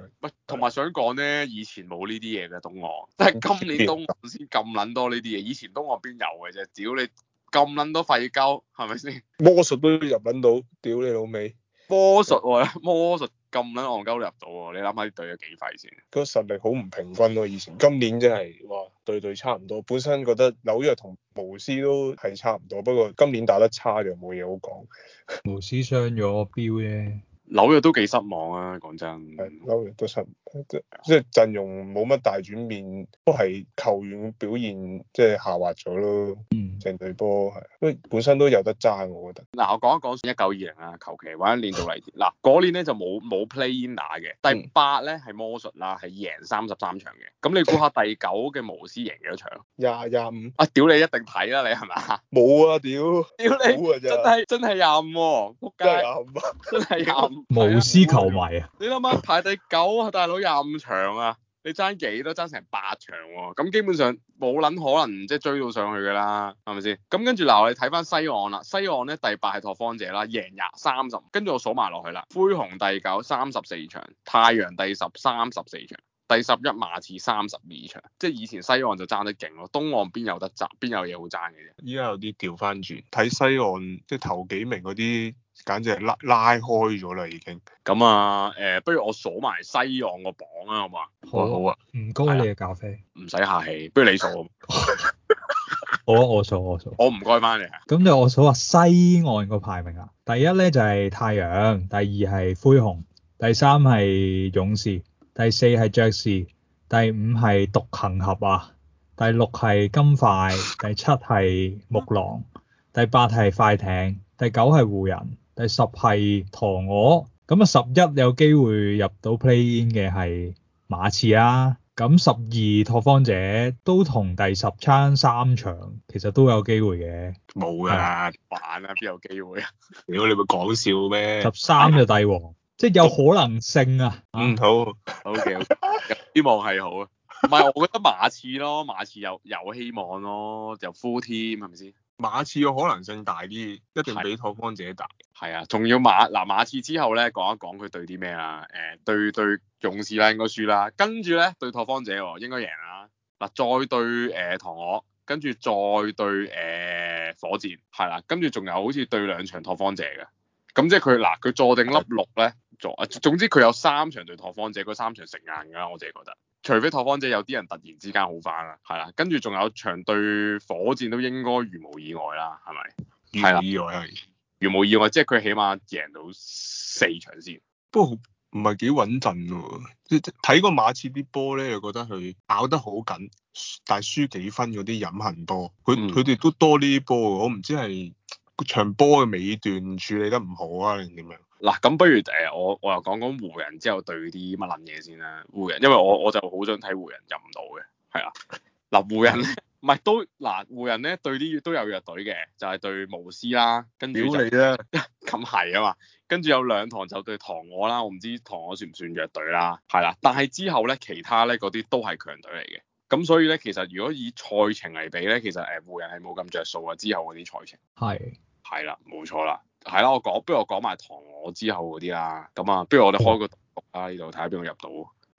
Speaker 3: 同埋想講咧，以前冇呢啲嘢嘅東岸，但係今年東岸先咁撚多呢啲嘢。以前東岸邊有嘅啫，屌你咁撚多廢膠，係咪先？
Speaker 1: 魔術都入撚到，屌你老味！魔
Speaker 3: 術、啊，魔術咁撚戇鳩入到，你諗下啲隊有幾廢先？
Speaker 1: 個實力好唔平均咯、啊，以前今年真、就、係、是、哇，隊隊差唔多。本身覺得紐約同巫師都係差唔多，不過今年打得差就冇嘢好講。
Speaker 2: 巫師傷咗標啫。
Speaker 3: 扭又都幾失望啊，講真。
Speaker 1: 係紐約都失，即係即係陣容冇乜大轉變，都係球員表現即係下滑咗咯。嗯。整隊
Speaker 3: 波係，因
Speaker 1: 為本身都有得爭，我覺
Speaker 3: 得。嗱，我講一講算一九二零啊，求其玩一年做例子。嗱，嗰年咧就冇冇 play in 打嘅，第八咧係魔術啦，係贏三十三場嘅。咁你估下第九嘅巫師贏幾多場？
Speaker 1: 廿廿
Speaker 3: 五。啊屌你一定睇啦你係咪？冇
Speaker 2: 啊屌！屌你真
Speaker 3: 係真係廿五喎！真真係廿五。
Speaker 2: 哎、無私球迷
Speaker 3: 啊！你諗下 排第九啊，大佬廿五場啊，你爭幾多？爭成八場喎、啊，咁基本上冇捻可能即係追到上去噶啦，係咪先？咁跟住嗱，我哋睇翻西岸啦，西岸咧第八係拓荒者啦，贏廿三十，跟住我數埋落去啦，灰熊第九三十四場，太陽第十三十四場，第十一馬刺三十二場，即係以前西岸就爭得勁咯，東岸邊有得爭？邊有嘢好爭嘅啫？依家有啲調翻轉，
Speaker 1: 睇西岸即係頭幾名嗰啲。簡直拉拉開咗
Speaker 3: 啦，已經咁啊！誒、呃，不如我數埋西岸個榜啊，好嘛好？好好啊，
Speaker 2: 唔該你嘅咖啡，
Speaker 3: 唔使客氣，不如你數
Speaker 2: 啊！ 我我我數，我
Speaker 3: 唔該翻你啊！
Speaker 2: 咁你我數下西岸個排名啊，第一咧就係、是、太陽，第二係灰熊，第三係勇士，第四係爵士，第五係獨行俠啊，第六係金塊，第七係木狼，第八係快艇，第九係湖人。第十係塘鵝，咁啊十一有機會入到 play in 嘅係馬刺啊，咁十二拓荒者都同第十爭三場，其實都有機會嘅。冇㗎，
Speaker 3: 玩啊邊有機會啊？屌你咪講笑咩？
Speaker 1: 十三就
Speaker 2: 帝王，即係有可能性啊。嗯，好，
Speaker 3: 好嘅，希望係好啊。唔係，我覺得馬刺咯，馬刺有有希望咯，有 full team 係咪先？馬刺嘅可能性大啲，一定比拓荒者大。係啊，仲要馬嗱馬刺之後咧，講一講佢對啲咩啊？誒、呃，對對勇士啦，應該輸啦。跟住咧，對拓荒者應該贏啦。嗱，再對誒塘鵝，跟住再對誒、呃、火箭，係、啊、啦。跟住仲有好似對兩場拓荒者嘅。咁即係佢嗱，佢坐定粒六咧，坐啊的。總之佢有三場對拓荒者，嗰三場食硬㗎啦，我自己覺得。除非拓荒者有啲人突然之間好翻啊，係啦，跟住仲有場對火箭都應該如無意外啦，係咪？係啦，意外啊！的如無意外，即係佢起碼贏到四場先。嗯、
Speaker 1: 不過唔
Speaker 3: 係幾穩陣喎，
Speaker 1: 即睇個馬刺啲波咧，又覺得佢咬得好緊，但係輸幾分嗰啲飲恨多。佢佢哋都多呢啲
Speaker 3: 波㗎，我唔知係場波嘅尾段處理得唔好啊，定點樣？嗱，咁不如誒我我又講講湖人之後對啲乜撚嘢先啦。湖人，因為我我就好想睇湖人入唔到嘅，係啦。嗱，湖人咧唔係都嗱湖人咧對啲都有弱隊嘅，就係、是、對巫師啦，跟住就咁係啊嘛。跟住 有兩堂就對唐我啦，我唔知唐我算唔算弱隊啦，係啦。但係之後咧其他咧嗰啲都係強隊嚟嘅。咁所以咧其實如果以賽程嚟比咧，其實誒湖人係冇咁着數啊。之後嗰啲賽程，係係啦，冇錯啦。係啦，我講，不如我講埋塘鵝之後嗰啲啦，咁啊，不如我哋開個局啊，呢度睇下邊個入到。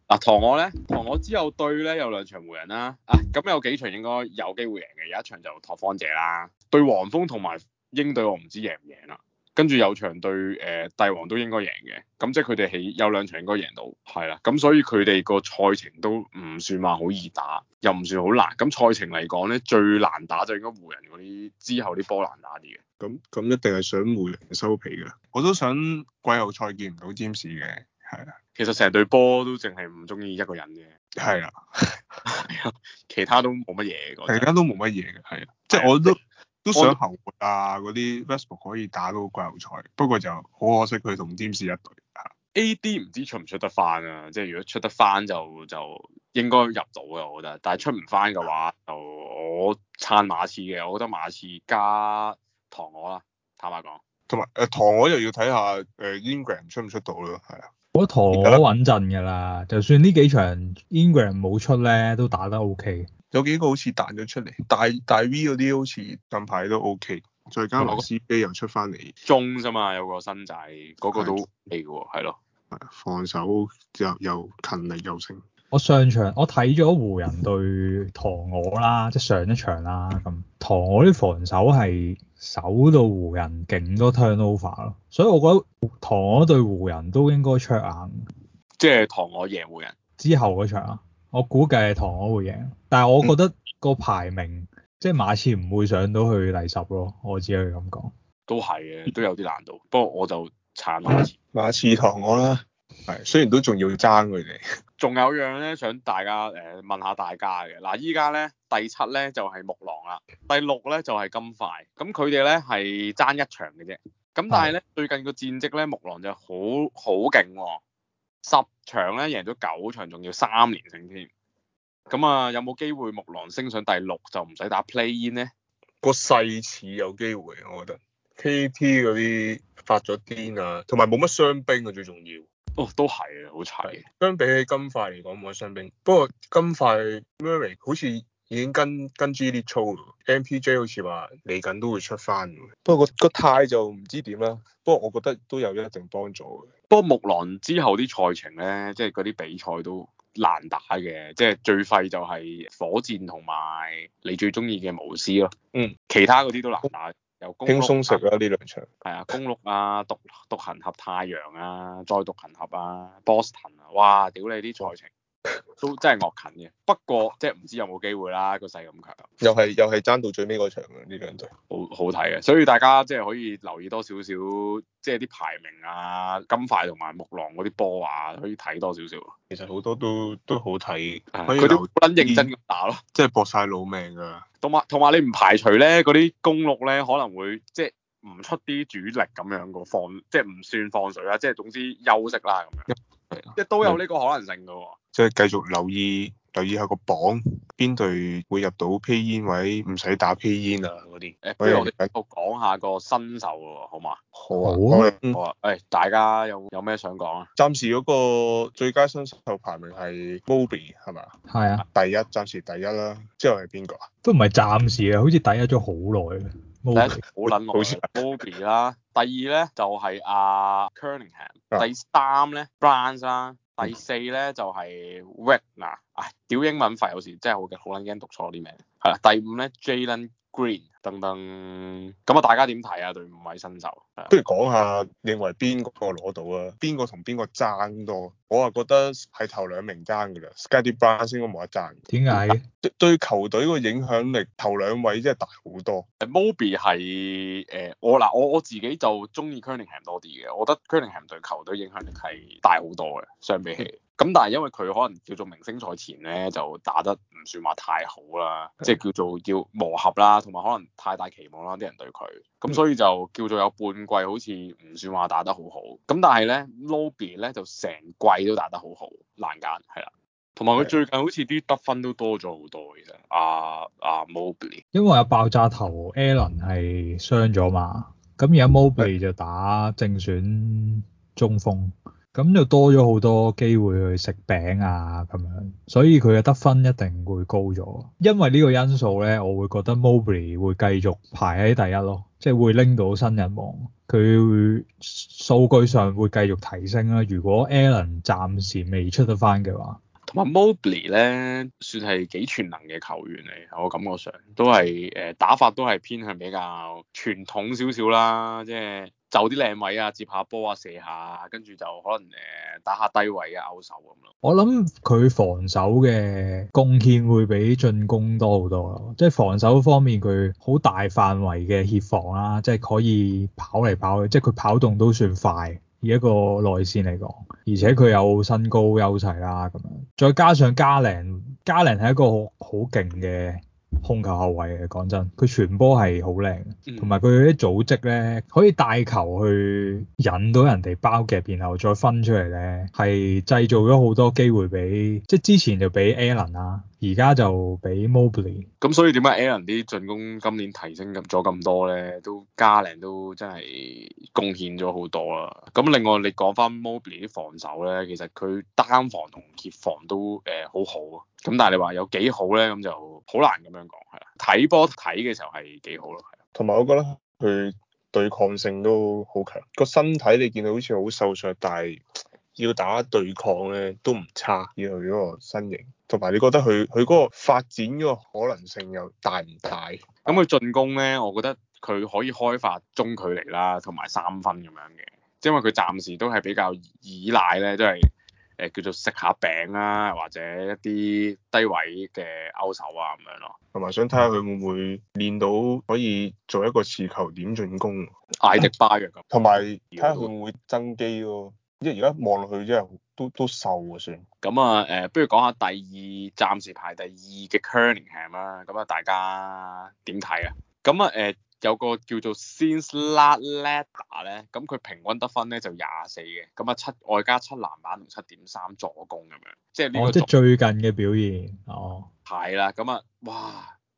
Speaker 3: 嗱、啊，塘鵝咧，塘鵝之後對咧有兩場湖人啦、啊，啊，咁有幾場應該有機會贏嘅，有一場就拓荒者啦，對黃蜂同埋鷹隊我唔知贏唔贏啦。跟住有場對誒帝王都應該贏嘅，咁即係佢哋起有兩場應該贏到，係啦，咁所以佢哋個賽程都唔算話好易打，又唔算好難。咁賽程嚟講咧，最難打就應該湖人嗰啲之後啲波難打啲嘅。
Speaker 1: 咁咁一定係想湖人收皮嘅。我都想季後賽
Speaker 3: 見唔到占士嘅，係啊。其實成隊波都淨係唔中意一個人嘅，係啊是的， 其他都冇乜嘢嗰
Speaker 1: 啲，其他都冇乜嘢嘅，係啊，即係我都。 都想後活啊！嗰啲 Westbrook 可以打到季後賽，
Speaker 3: 不過就好可
Speaker 1: 惜佢同 James 一
Speaker 3: 隊啊。AD 唔知出唔出得翻啊？即係如果出得翻就就應該入到嘅，我覺得。但係出唔翻嘅話就的我撐馬刺嘅，我覺得馬刺加唐我啦，坦白講。
Speaker 1: 同埋誒唐我又要睇下誒、呃、Ingram 出唔出到咯，係啊。我
Speaker 2: 覺得唐我穩陣㗎啦，就算呢幾場 Ingram 冇出咧，都打得 OK。
Speaker 1: 有幾個好似彈咗出嚟，大大 V 嗰啲好似近排都 O、OK, K，再加落司機又出翻嚟、哦。
Speaker 3: 中啫嘛，有個新仔，
Speaker 1: 嗰、那個都嚟嘅喎，係咯的。了防守又又勤力又勝。
Speaker 2: 我上場我睇咗湖人對鵜鶘啦，即係上一場啦咁，鵜鶘啲、就是、防守係守到湖人勁多 turnover 咯，所以我覺得鵜鶘對湖人都應該出硬，
Speaker 3: 即係鵜鶘贏湖人。
Speaker 2: 之後嗰場啊？我估計係塘鵝會贏，但係我覺得個排名、嗯、即係馬刺唔會上到去第十咯，我只可以咁講。
Speaker 3: 都係嘅，都有啲難度。不過我就撐馬刺、嗯。馬
Speaker 1: 刺塘鵝啦，係雖然都仲要爭佢哋。
Speaker 3: 仲有樣咧，想大家誒、呃、問下大家嘅嗱，依家咧第七咧就係、是、木狼啦，第六咧就係、是、金塊，咁佢哋咧係爭一場嘅啫。咁但係咧，的最近個戰績咧木狼就好好勁喎。十場咧贏咗九場，仲要三連勝添。咁啊，有冇機會木狼升上第六就唔使打 play in 呢個勢次？有機會，我覺得。K
Speaker 1: T 嗰啲發咗
Speaker 3: 癲啊，同埋冇乜傷
Speaker 1: 兵啊，最重要。哦，都係啊，好齊。相比起金塊嚟講冇乜傷兵，不過金塊 Murray 好似。已經跟跟住呢啲 MPJ 好似話嚟緊都會出翻，不過個態就唔知點啦。不過我覺得都有一定幫助嘅。
Speaker 3: 不過木狼之後啲賽程咧，即係嗰啲比賽都難打嘅，即係最廢就係火箭同埋你最中意嘅巫師咯。嗯，其他嗰啲都難打。嗯、有輕鬆食咗呢兩場。係啊，公鹿啊，獨獨行俠太陽啊，再獨行俠啊，Boston 啊，哇，屌你啲賽程！都真係惡近嘅，不過即係唔知有冇機會啦。個勢咁強，又係又係爭到最尾嗰場嘅呢兩隊，好好睇嘅。所以大家即係、就是、可以留意多少少，即係啲排名啊、金塊同埋木狼嗰啲波啊，可以睇多少少。其實好多都都好睇，佢、啊、都好捻認真咁打咯，即係搏晒老命噶、啊。同埋同埋，你唔排除咧嗰啲公鹿咧可能會即係唔出啲主力咁樣個放，即係唔算放水啊，即、就、係、是、總之休息啦咁樣，即係 都有呢個可能性噶。
Speaker 1: 即係繼續留意，留意下個榜邊隊會入到 Play-in 位，唔使打 Play-in 啊嗰啲。誒，不如我哋
Speaker 3: 繼續講下個新手喎，好嘛？好啊，好啊，誒，大家有有咩想講
Speaker 1: 啊？暫時嗰個最佳新手排名係 Mobley 係咪？
Speaker 2: 係啊，
Speaker 3: 第一暫時第一啦。之後係邊個啊？
Speaker 2: 都唔係暫時啊，好似第一咗好耐啦。第一
Speaker 3: 好耐，好似 Mobley 啦。第二咧就係阿 Cunningham。第三咧 Barnes 啦。第四咧就係、是、Wagner，啊，屌英文廢，有時真係好驚，好撚驚讀錯啲名。係啦，第五咧 Jalen Green。噔噔，咁啊，大家點睇啊？對五位新秀，
Speaker 1: 不如講下認為邊個攞到啊？邊個同邊個爭多？我啊覺得係頭兩名爭噶啦，Scottie Barnes 先應該冇得
Speaker 3: 爭。點解、啊？對球隊個影響力，頭兩位真係大好多。嗯、Mobley 係誒、呃，我嗱我我自己就中意 Cunningham 多啲嘅，我覺得 Cunningham 對球隊影響力係大好多嘅，相比起。咁但係因為佢可能叫做明星賽前咧就打得唔算話太好啦，的即係叫做要磨合啦，同埋可能太大期望啦啲人對佢，咁所以就叫做有半季好似唔算話打得好好。咁、嗯、但係咧 Mobley 咧就成季都打得好好，難揀係啦。同埋佢最近好似啲得分都多咗好多，其實阿啊 Mobley。
Speaker 2: 啊因為有爆炸頭 Allen 係傷咗嘛，咁而家 Mobley 就打正選中鋒。咁就多咗好多機會去食餅啊咁樣，所以佢嘅得分一定會高咗。因為呢個因素咧，我會覺得 Mobley 會繼續排喺第一咯，即係會拎到新人王。佢數據上會繼續提升啦。如果 Allen 暫時未出得翻嘅話，
Speaker 3: 同埋 Mobley 咧算係幾全能嘅球員嚟，我感覺上都係誒、呃、打法都係偏向比較傳統少少啦，即係。就啲靚位啊，接下波啊，射下，跟住就可能誒打下低位嘅勾手咁
Speaker 2: 咯。我諗佢防守嘅貢獻會比進攻多好多咯，即係防守方面佢好大範圍嘅協防啦，即係可以跑嚟跑去，即係佢跑動都算快，以一個內線嚟講，而且佢有身高優勢啦，咁樣再加上加零，加零係一個好好勁嘅控球後衞嘅，講真，佢傳波係好靚，同埋佢啲組織咧，可以帶球去引到人哋包夾然後，再分出嚟咧，係製造咗好多機會俾即係之前就俾 Allen 啊，而家就俾 Mobley。
Speaker 3: 咁所以點解 Allen 啲進攻今年提升咗咁多咧？都 Garland 都真係貢獻咗好多啦。咁另外你講翻 Mobley 啲防守咧，其實佢單防同協防都誒、呃、好好啊。咁但係你話有幾好咧？咁就～好難咁樣講，係啦。睇波睇嘅時候係幾好咯，係啊。同
Speaker 1: 埋我覺得佢對抗性都好強，個身體你見到好似好瘦削，但係要打對抗咧都唔差。以佢嗰個身形，同埋你覺得佢佢嗰個發展嗰個
Speaker 3: 可能性又大唔大？咁佢進攻咧，我覺得佢可以開發中距離啦，同埋三分咁樣嘅，即係因為佢暫時都係比較依賴咧，都係。誒，叫做食下餅啊，或者一啲低位嘅勾手啊咁樣咯、
Speaker 1: 啊。同埋想睇下佢會唔會練到可以做一個持球點進攻、啊，艾迪巴嘅咁。同埋睇下佢會唔會增肌咯、啊，因為而家望落去真係都都瘦啊算。
Speaker 3: 咁啊誒、呃，不如講下第二，暫時排第二嘅 Cunningham 啦、啊。咁啊，大家點睇啊？咁啊誒。呃有個叫做 Sin Slatletter 咧，咁佢平均得分咧就廿四嘅，咁啊七外加七籃板同七點三助攻咁樣，即係呢個、哦。即係
Speaker 2: 最近嘅表現。
Speaker 3: 哦，係啦，咁啊，哇，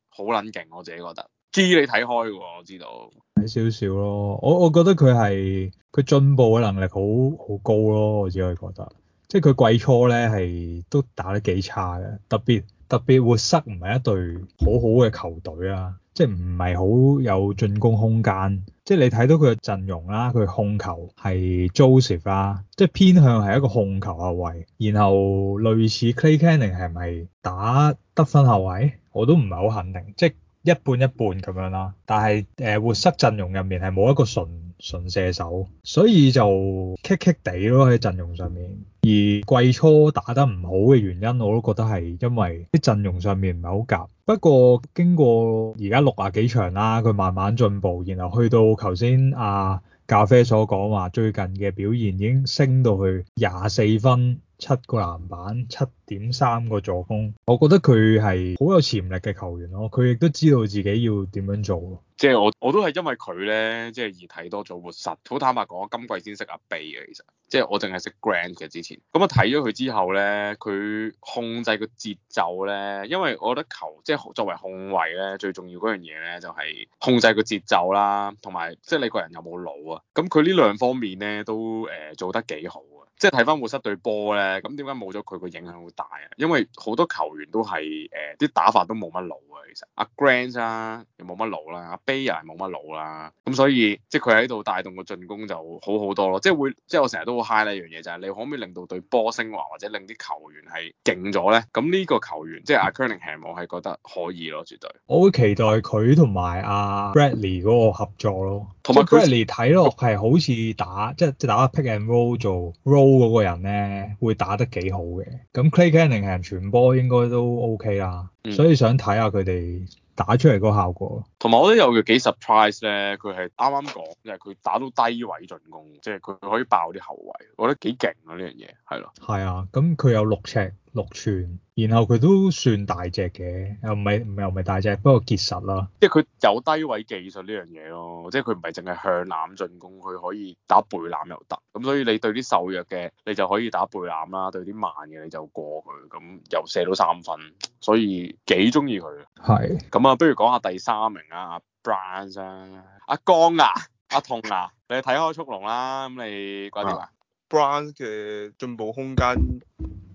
Speaker 3: 好撚勁，我自己覺得。G，你睇開喎，我知
Speaker 2: 道。睇少少咯，我我覺得佢係佢進步嘅能力好好高咯，我自己覺得。即係佢季初咧係都打得幾差嘅，特別特別活塞唔係一隊好好嘅球隊啊。即係唔係好有進攻空間，即係你睇到佢嘅陣容啦，佢控球係 Joseph 啦，即係偏向係一個控球後衞，然後類似 Cade Cunningham 係咪打得分後衞？我都唔係好肯定，即係一半一半咁樣啦。但係誒活塞陣容入面係冇一個純純射手，所以就棘棘地咯喺陣容上面。而季初打得唔好嘅原因，我都覺得係因為啲陣容上面唔係好夾。不過經過而家六啊幾場啦，佢慢慢進步，然後去到頭先阿咖啡所講話最近嘅表現已經升到去廿四分。七個籃板，七點三個助攻，我覺得佢係好有潛力嘅球員咯。佢亦都知道自己要點樣做。
Speaker 3: 即係我我都係因為佢咧，即係而睇多咗活塞。好坦白講，今季先識阿 B 嘅。其實即係我淨係識 Grant 嘅之前。咁啊，睇咗佢之後咧，佢控制個節奏咧，因為我覺得球即係、就是、作為控衞咧，最重要嗰樣嘢咧就係控制個節奏啦，同埋即係你個人有冇腦啊。咁佢呢兩方面咧都誒、呃、做得幾好。即係睇翻活塞對波咧，咁點解冇咗佢個影響好大啊？因為好多球員都係誒啲打法都冇乜腦啊，其實阿 Grant 啊又冇乜腦啦，阿 Bear 冇乜腦啦，咁、啊、所以即係佢喺度帶動個進攻就好好多咯。即係會即係我成日都會 high 呢樣嘢，就係你可唔可以令到對波升華，或者令啲球員係勁咗咧？咁呢個球員即係阿、啊、Cunningham，其實我係覺得可以咯，絕對。
Speaker 2: 我會期待佢同埋、啊、阿 Bradley 嗰個合作咯。同埋 Kelly 睇落係好似打即係即係打 pick and roll 做 roll 嗰個人咧，會打得幾好嘅。咁 Cade Cunningham 係人傳波，應該都 OK 啦。嗯、所以想睇下佢哋打出嚟嗰個效果。
Speaker 3: 同埋我都有有幾 surprise 咧，佢係啱啱講，即係佢打到低位進攻，即係佢可以爆啲後衞，我覺得幾勁啊！呢樣嘢係咯。
Speaker 2: 係啊，咁佢有六尺，六寸，然後佢都算大隻嘅，又唔係唔又唔係大隻，不過結實啦。
Speaker 3: 即係佢有低位技術呢樣嘢咯，即係佢唔係淨係向籃進攻，佢可以打背籃又得。咁所以你對啲瘦弱嘅，你就可以打背籃啦；對啲慢嘅，你就過佢，咁又射到三分。所以幾中意佢係。咁啊是，不如講下第三名啊，阿 Brown 啦、啊，阿江啊，阿痛 啊，啊，你睇開速龍啦、啊，咁你講點。啊 Brown
Speaker 1: 嘅進步空間，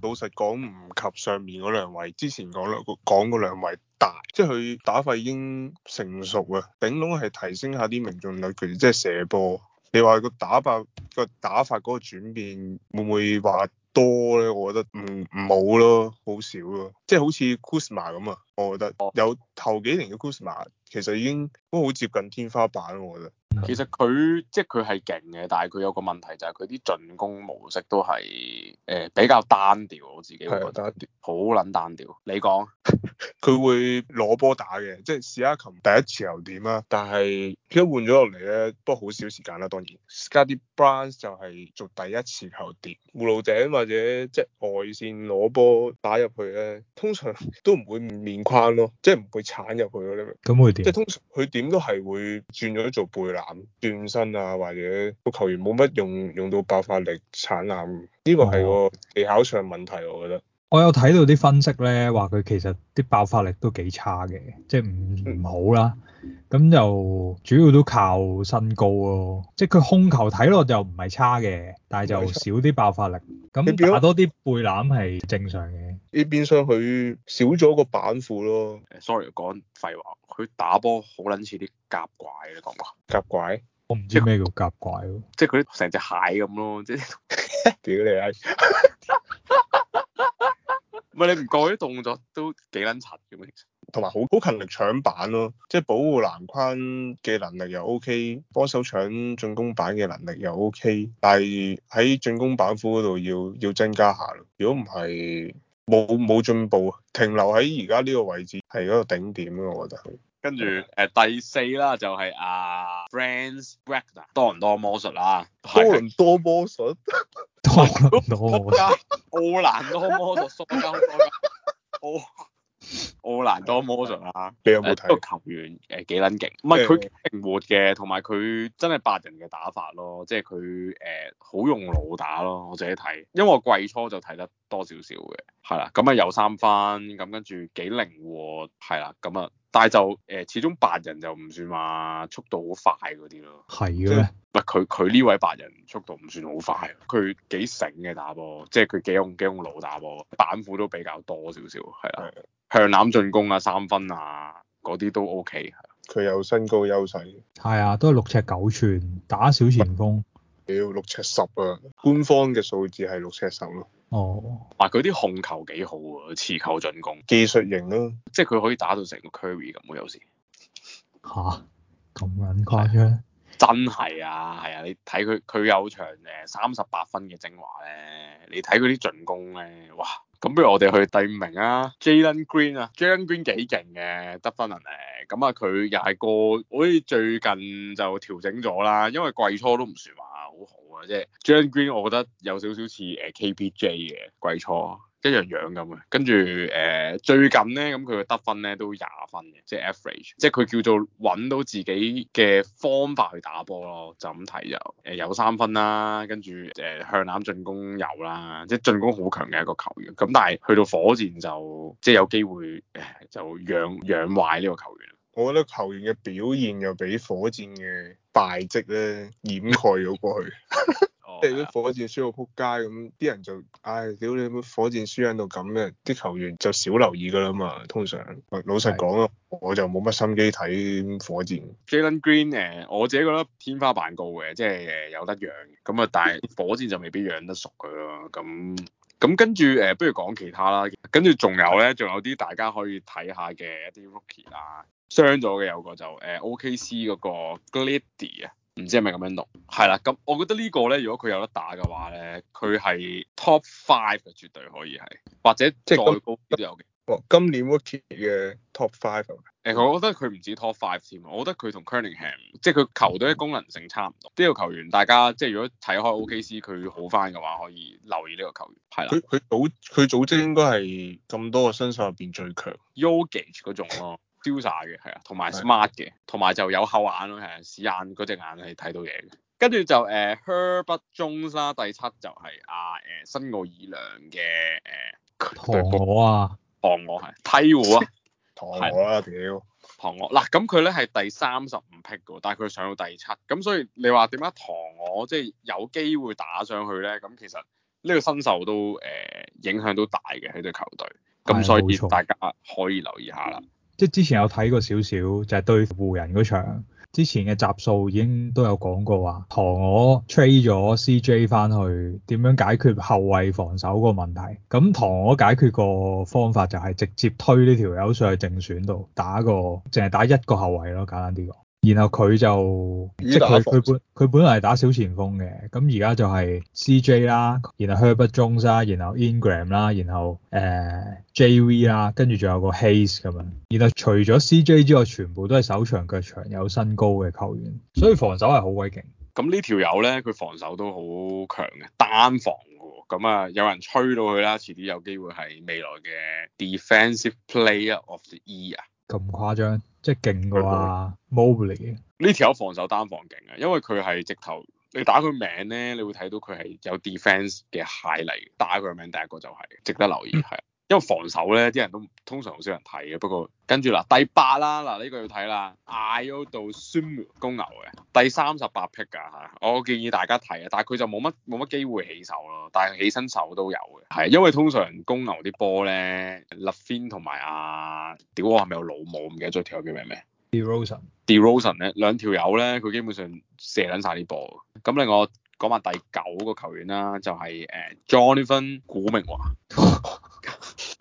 Speaker 1: 老實講唔及上面嗰兩位，之前講兩講嗰兩位大，即係佢打法已經成熟啊，頂籠係提升下啲命中率，其實即係射波。你話個打法個打法嗰個轉變會唔會話多咧？我覺得唔唔冇咯，少好少咯，即係好似 Kuzma 咁啊，我覺得有頭幾年嘅 Kuzma 其實已經都好接近天花
Speaker 3: 板，我覺得。其實佢即係佢係勁嘅，但係佢有個問題就係佢啲進攻模式都係誒、呃、比較單調，我自己覺得好捻單調調。你講，
Speaker 1: 佢 會攞波打嘅，即係斯卡琴第一次又點啊？但係一換咗落嚟咧，不過好少時間啦、啊，當然。Scotty Barnes 就係做第一次後點，葫蘆頂或者即係外線攞波打入去咧，通常都唔會面框咯，就是、即係唔會鏟入去咯。咁會點？即係通常佢點都係會轉咗做背啦。籃斷身啊，或者個球員冇乜用用到爆發力鏟籃，呢、這個係個技巧上問題，我覺得。
Speaker 2: 哦、我有睇到啲分析咧，話佢其實啲爆發力都幾差嘅，即係唔唔好啦。咁、嗯、就主要都靠身高咯、哦，嗯、即係佢控球睇落就唔係差嘅，但係就少啲爆發力，咁打多啲背籃係正常嘅。
Speaker 3: 呢邊箱佢少咗個板庫咯。誒，sorry，講廢話。佢打波好撚似啲夾怪，你覺唔覺？夾怪拐？即我
Speaker 2: 唔知咩叫夾怪咯，
Speaker 3: 即係佢成隻蟹咁咯，即係。屌你啊！唔係你唔覺啲動作都幾撚柒嘅咩？
Speaker 1: 同埋好好勤力搶板咯，啊，即係保護籃框嘅能力又 OK，幫手搶進攻板嘅能力又 OK，但係喺進攻板斧嗰度要要增加下。如果唔係冇冇進步，停留喺而家呢個位置係嗰個頂點咯，我覺得。
Speaker 3: 跟住誒第四啦，就係啊，Franz Wagner 多倫多魔術啦，
Speaker 1: 多倫多魔術，多
Speaker 3: 倫多魔術，奧蘭多魔術，蘇格蘭，奧。奧蘭多魔術啦、啊，你有冇睇過球員誒幾撚勁？唔係佢靈活嘅，同埋佢真係白人嘅打法咯，即係佢誒好用腦打咯。我自己睇，因為我季初就睇得多少少嘅，係啦，咁啊有三分，咁跟住幾靈活，係啦，咁、嗯、啊，但係就誒、呃、始終白人就唔算話速度好快嗰啲咯。係啊，咩？佢佢呢位白人速度唔算好快，佢幾醒嘅打波，即係佢幾用幾用腦打波，板斧都比較多少少，係啦。向籃進攻啊，三分啊，嗰啲都 OK。
Speaker 1: 佢有身高優勢，
Speaker 2: 係啊，都係六尺九寸，打小前鋒。
Speaker 3: 要六尺十啊！官方嘅數字係六尺十咯、啊。哦。嗱、啊，佢啲控球幾好啊，持球進攻，技術型咯、啊，即係佢可以打到成個 Curry 咁有時吓，
Speaker 2: 咁緊、啊、誇張？
Speaker 3: 真係啊，係啊，你睇佢佢有場誒三十八分嘅精華咧，你睇佢啲進攻咧，哇！咁不如我哋去第五名啊，Jalen Green 啊，Jalen Green 幾勁嘅得分能力，咁啊佢又係個好似最近就調整咗啦，因為季初都唔算話好好啊，即係 Jalen Green 我覺得有少少似誒 KPJ 嘅季初。一樣樣咁啊，跟住誒最近咧，咁佢嘅得分咧都廿分嘅，即係 average，即係佢叫做揾到自己嘅方法去打波咯，就咁睇就誒、呃、有三分啦，跟住誒向籃進攻有啦，即係進攻好強嘅一個球員。咁但係去到火箭就即係有機會誒就養養壞呢個球員。我覺得球員嘅表現又俾火
Speaker 1: 箭嘅敗績咧掩蓋咗過去。 即係啲火箭輸到仆街咁，啲人就唉，屌你乜火箭輸喺度咁嘅，啲球員就少留意㗎喇嘛。通常，老實講啊，是的 我就冇乜心機睇火箭。
Speaker 3: Jalen Green 誒，我自己覺得天花板高嘅，即係誒有得養。咁啊，但係火箭就未必養得熟佢咯。咁咁跟住誒，不如講其他啦。跟住仲有咧，仲有啲大家可以睇下嘅 一啲 Rookie 啊，ocket, 傷咗嘅有個就誒 OKC、OK、嗰個 Glady 啊。唔知係咪咁樣讀，係啦。咁我覺得個呢個咧，如果佢有得打嘅話咧，佢係 Top Five 嘅，絕對可以係，或者再高都有。哦，
Speaker 1: 今年 Wicky 嘅 Top Five？誒、欸，
Speaker 3: 我覺得佢唔止 Top Five 添，我覺得佢同 Cunningham，即係佢球隊嘅功能性差唔多。呢、呢個球員，大家即係、即係、如果睇開 O、OK、K C 佢好翻嘅話，可以留意呢個球員。係啦。佢佢組佢組織應該係咁多個新秀入邊最強，Yogesh 嗰種咯。 瀟灑嘅係啊，同埋 smart 嘅，同埋的就有後眼咯，係、欸、啊，屎眼嗰隻眼係睇到嘢嘅。跟住就誒，Herbert Jones 啦。第七就係阿誒新奧爾良嘅誒、啊、我啊，唐我係梯戶啊，唐我啊，屌唐的我。嗱咁佢咧係第三十五 pick 嘅，但係佢上到第七。咁所以你話點啊？唐我即係有機會打上去咧？咁其實呢個新秀都誒、啊、影響都大嘅喺支球隊。咁所以大家可以留
Speaker 2: 意下啦。嗯即係之前有睇過少少，就係對湖人嗰場，之前嘅集數已經都有講過話，鴕鵝 trade 咗 CJ 翻去，點樣解決後衛防守個問題？咁鴕鵝解決個方法就係直接推呢條友上去正選度打一個，淨係打一個後衛咯，簡單啲講。然後佢就即係佢佢本佢本來係打小前鋒嘅，咁而家就係 CJ 啦，然後 Herbert Jones 啦，然後 Ingram 啦，然後誒 JV 啦，跟住仲有個 Hayes 咁啊。然後除咗 CJ 之外，全部都係手長腳長有身高嘅球員，所以防守係好鬼勁。
Speaker 3: 咁、嗯、呢條友咧，佢防守都好強嘅，單防嘅。咁啊，有人吹到佢啦，遲啲有機會係未來嘅 Defensive Player of the Year。
Speaker 2: 咁誇張？即係勁嗰個 Mobley 呢條友
Speaker 3: 防守單防勁啊，因為佢係直頭，你打佢名咧，你會睇到佢係有 defence 嘅鞋嚟。打佢名第一個就係、是、值得留意，係。 因為防守咧，啲人都通常好少人睇嘅。不過跟住啦，第八啦，嗱、這、呢個要睇啦 Ayo Dosunmu 公牛嘅第三十八 pick 噶吓，我建議大家睇啊。但係佢就冇乜冇乜機會起手咯。但係起身手都有嘅，係
Speaker 2: 因為通常
Speaker 3: 公牛啲波咧，LaVine 同埋阿屌我係咪有老母唔記得咗條友叫咩名？DeRozan，DeRozan 咧 De，兩條友咧，佢基本上射撚晒啲波。咁嚟我講埋第九個球員啦，就係、是、誒，Jonathan 古明華。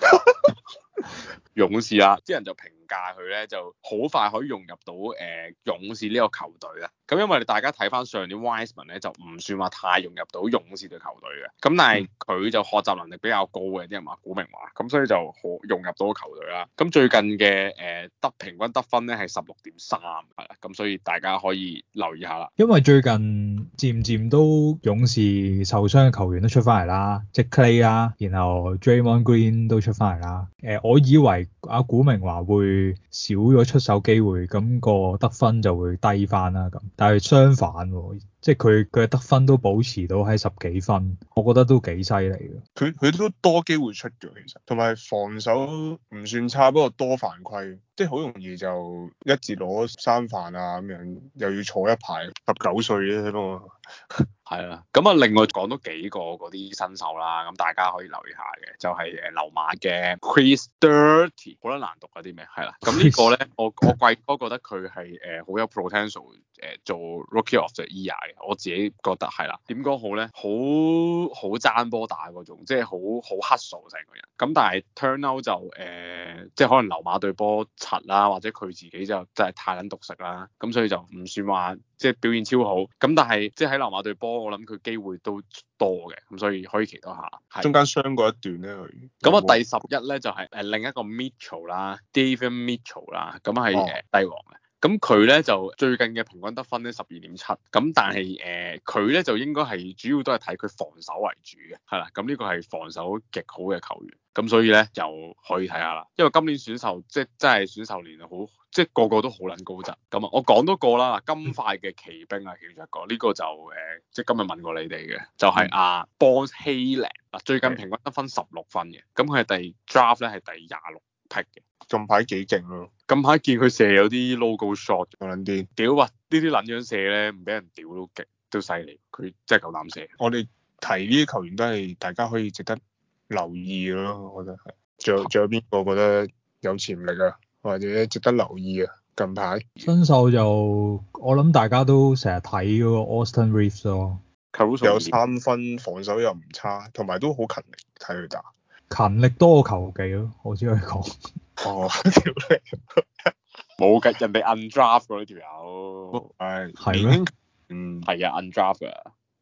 Speaker 3: 勇士啊，啲人就平，佢咧就好快可以融入到誒、呃、勇士呢個球隊啦。咁因為大家睇翻上年 Wiseman 咧就唔算話太融入到勇士嘅球隊嘅。咁但係佢就學習能力比較高嘅啲人話古明華，咁所以就好融入到球隊啦。咁最近嘅誒、呃、得平均得分咧係十六點三，係啦。咁所以大家可以留意下啦。
Speaker 2: 因為最近漸漸都勇士受傷嘅球員都出翻嚟啦，即 Clay 啊，然後 Draymond Green 都出翻嚟啦。誒、呃，我以為阿、啊、古明華會少咗出手機會，咁個得分就會低翻啦。咁，但係相反。即係佢佢嘅得分都保持到喺十幾分，我覺得都幾犀利
Speaker 1: 嘅。佢佢都多機會出嘅，其實同埋防守唔算差，不過多犯規，即係好容易就一字攞三犯啊咁樣，又
Speaker 3: 要坐一排。十九歲啫，不過係啦。咁啊，另外講多幾個嗰啲新手啦，咁大家可以留意下嘅，就係誒溜馬嘅 Chris Dirty，覺得難讀嗰啲咩？係啦。咁 呢個咧，我我貴哥覺得佢係誒好有 potential 誒做 Rookie of the Year 嘅。我自己覺得係啦，點講好咧？好好爭波打嗰種，即係好好黑數成個人。咁但係 Turn out 就誒、呃，即係可能流馬對波柒啦，或者佢自己就真係太撚獨食啦。咁所以就唔算話即係表現超好。咁但係即係喺流馬對波，我諗佢機會都多嘅，咁所以可以期待下。中間傷過一段咧佢。咁啊，第十一咧就係、是、誒另一個 Mitchell 啦，David Mitchell 啦，咁係誒帝王嘅。咁佢咧就最近嘅平均得分咧十二點七，咁但係誒佢咧就應該係主要都係睇佢防守為主嘅，係啦，咁呢個係防守極好嘅球員，咁所以咧就可以睇下啦，因為今年選秀即係真係選秀年好，即係個個都好撚高質，咁啊我講多個啦，金塊嘅奇兵啊，喬卓哥呢個就誒、呃、即係今日問過你哋嘅，就係、是、阿、啊嗯、Bones Hyland 最近平均得分十六分嘅，咁佢係第 draft 咧係第廿六。近排幾勁咯。近排見佢射有啲 logo shot，嗰撚啲，屌啊！呢啲撚樣射咧，唔俾人屌都勁，都犀利。佢真係夠膽射！我哋提呢啲球員
Speaker 1: 都係大家可以值得留意咯，我覺得係。仲有仲有邊個覺得有潛力啊？或者值得留意啊？近排
Speaker 2: 新秀就我諗大家都成日睇嗰個 Austin Reeves
Speaker 1: 咯，有三分，防守又唔差，同埋都好勤力，睇佢打。
Speaker 2: 勤力多球技咯，我只可以講。哦，條脷
Speaker 3: 冇嘅，人哋 undraft 嗰呢條友。係、哎、嗎年嗯，係啊，undraft 嘅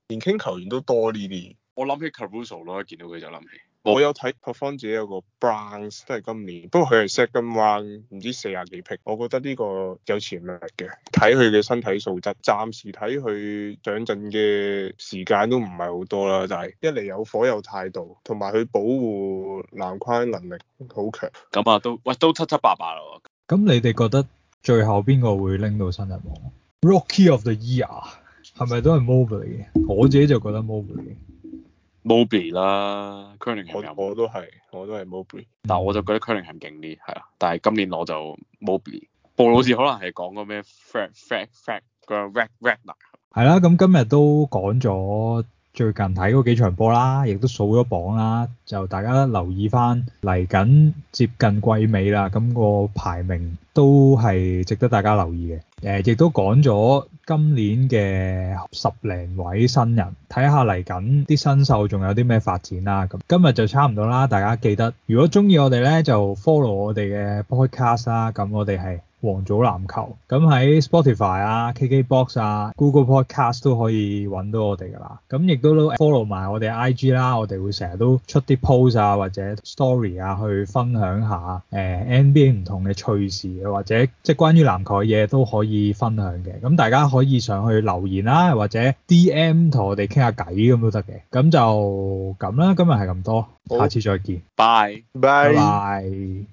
Speaker 3: 年輕球員都多呢啲。我諗起
Speaker 1: Caruso 咯，一見到佢就諗起。我有睇帕方自己有個 Bronze，都係今年，round, 不過佢係 second 唔知四十幾 pick。我覺得呢個有潛力嘅，睇佢嘅身體素質，暫時睇佢上陣嘅時間都唔係好多啦。就係一嚟有火有態度，同埋佢保護籃框能力好強。
Speaker 3: 咁啊，都喂都七七八八啦。
Speaker 2: 咁你哋覺得最後邊個會拎到新人王？Rookie of the Year 係咪都係 Mobley 嚟嘅？我自己就覺得 Mobley 嚟嘅。
Speaker 3: Mobley 啦，Cunningham 我都係，我都係 Mobley。我嗯、但我就覺得 Cunningham 係勁啲，係啊。但係今年我就 Mobley。布老士可能係講個咩？Fra，Fra，Fra 個 r a g r a r
Speaker 2: 係啦，咁、啊、今日都講咗。最近睇過幾場波啦，亦都數咗榜啦，就大家留意翻嚟緊接近季尾啦，咁個排名都係值得大家留意嘅。誒、呃，亦都講咗今年嘅十零位新人，睇下嚟緊啲新秀仲有啲咩發展啦。咁今日就差唔多啦，大家記得如果中意我哋呢，就 follow 我哋嘅 podcast 啦。咁我哋係。王祖籃球咁喺 Spotify 啊、KKBox 啊、Google Podcast 都可以揾到我哋噶啦。咁亦都 follow 埋我哋 IG 啦，我哋會成日都出啲 post 啊或者 story 啊去分享下誒、呃、NBA 唔同嘅趣事，或者即係關於籃球嘅嘢都可以分享嘅。咁大家可以上去留言啦，或者 DM 同我哋傾下偈咁都得嘅。咁就咁啦，今日係咁多，好下次再見，
Speaker 3: 拜拜拜。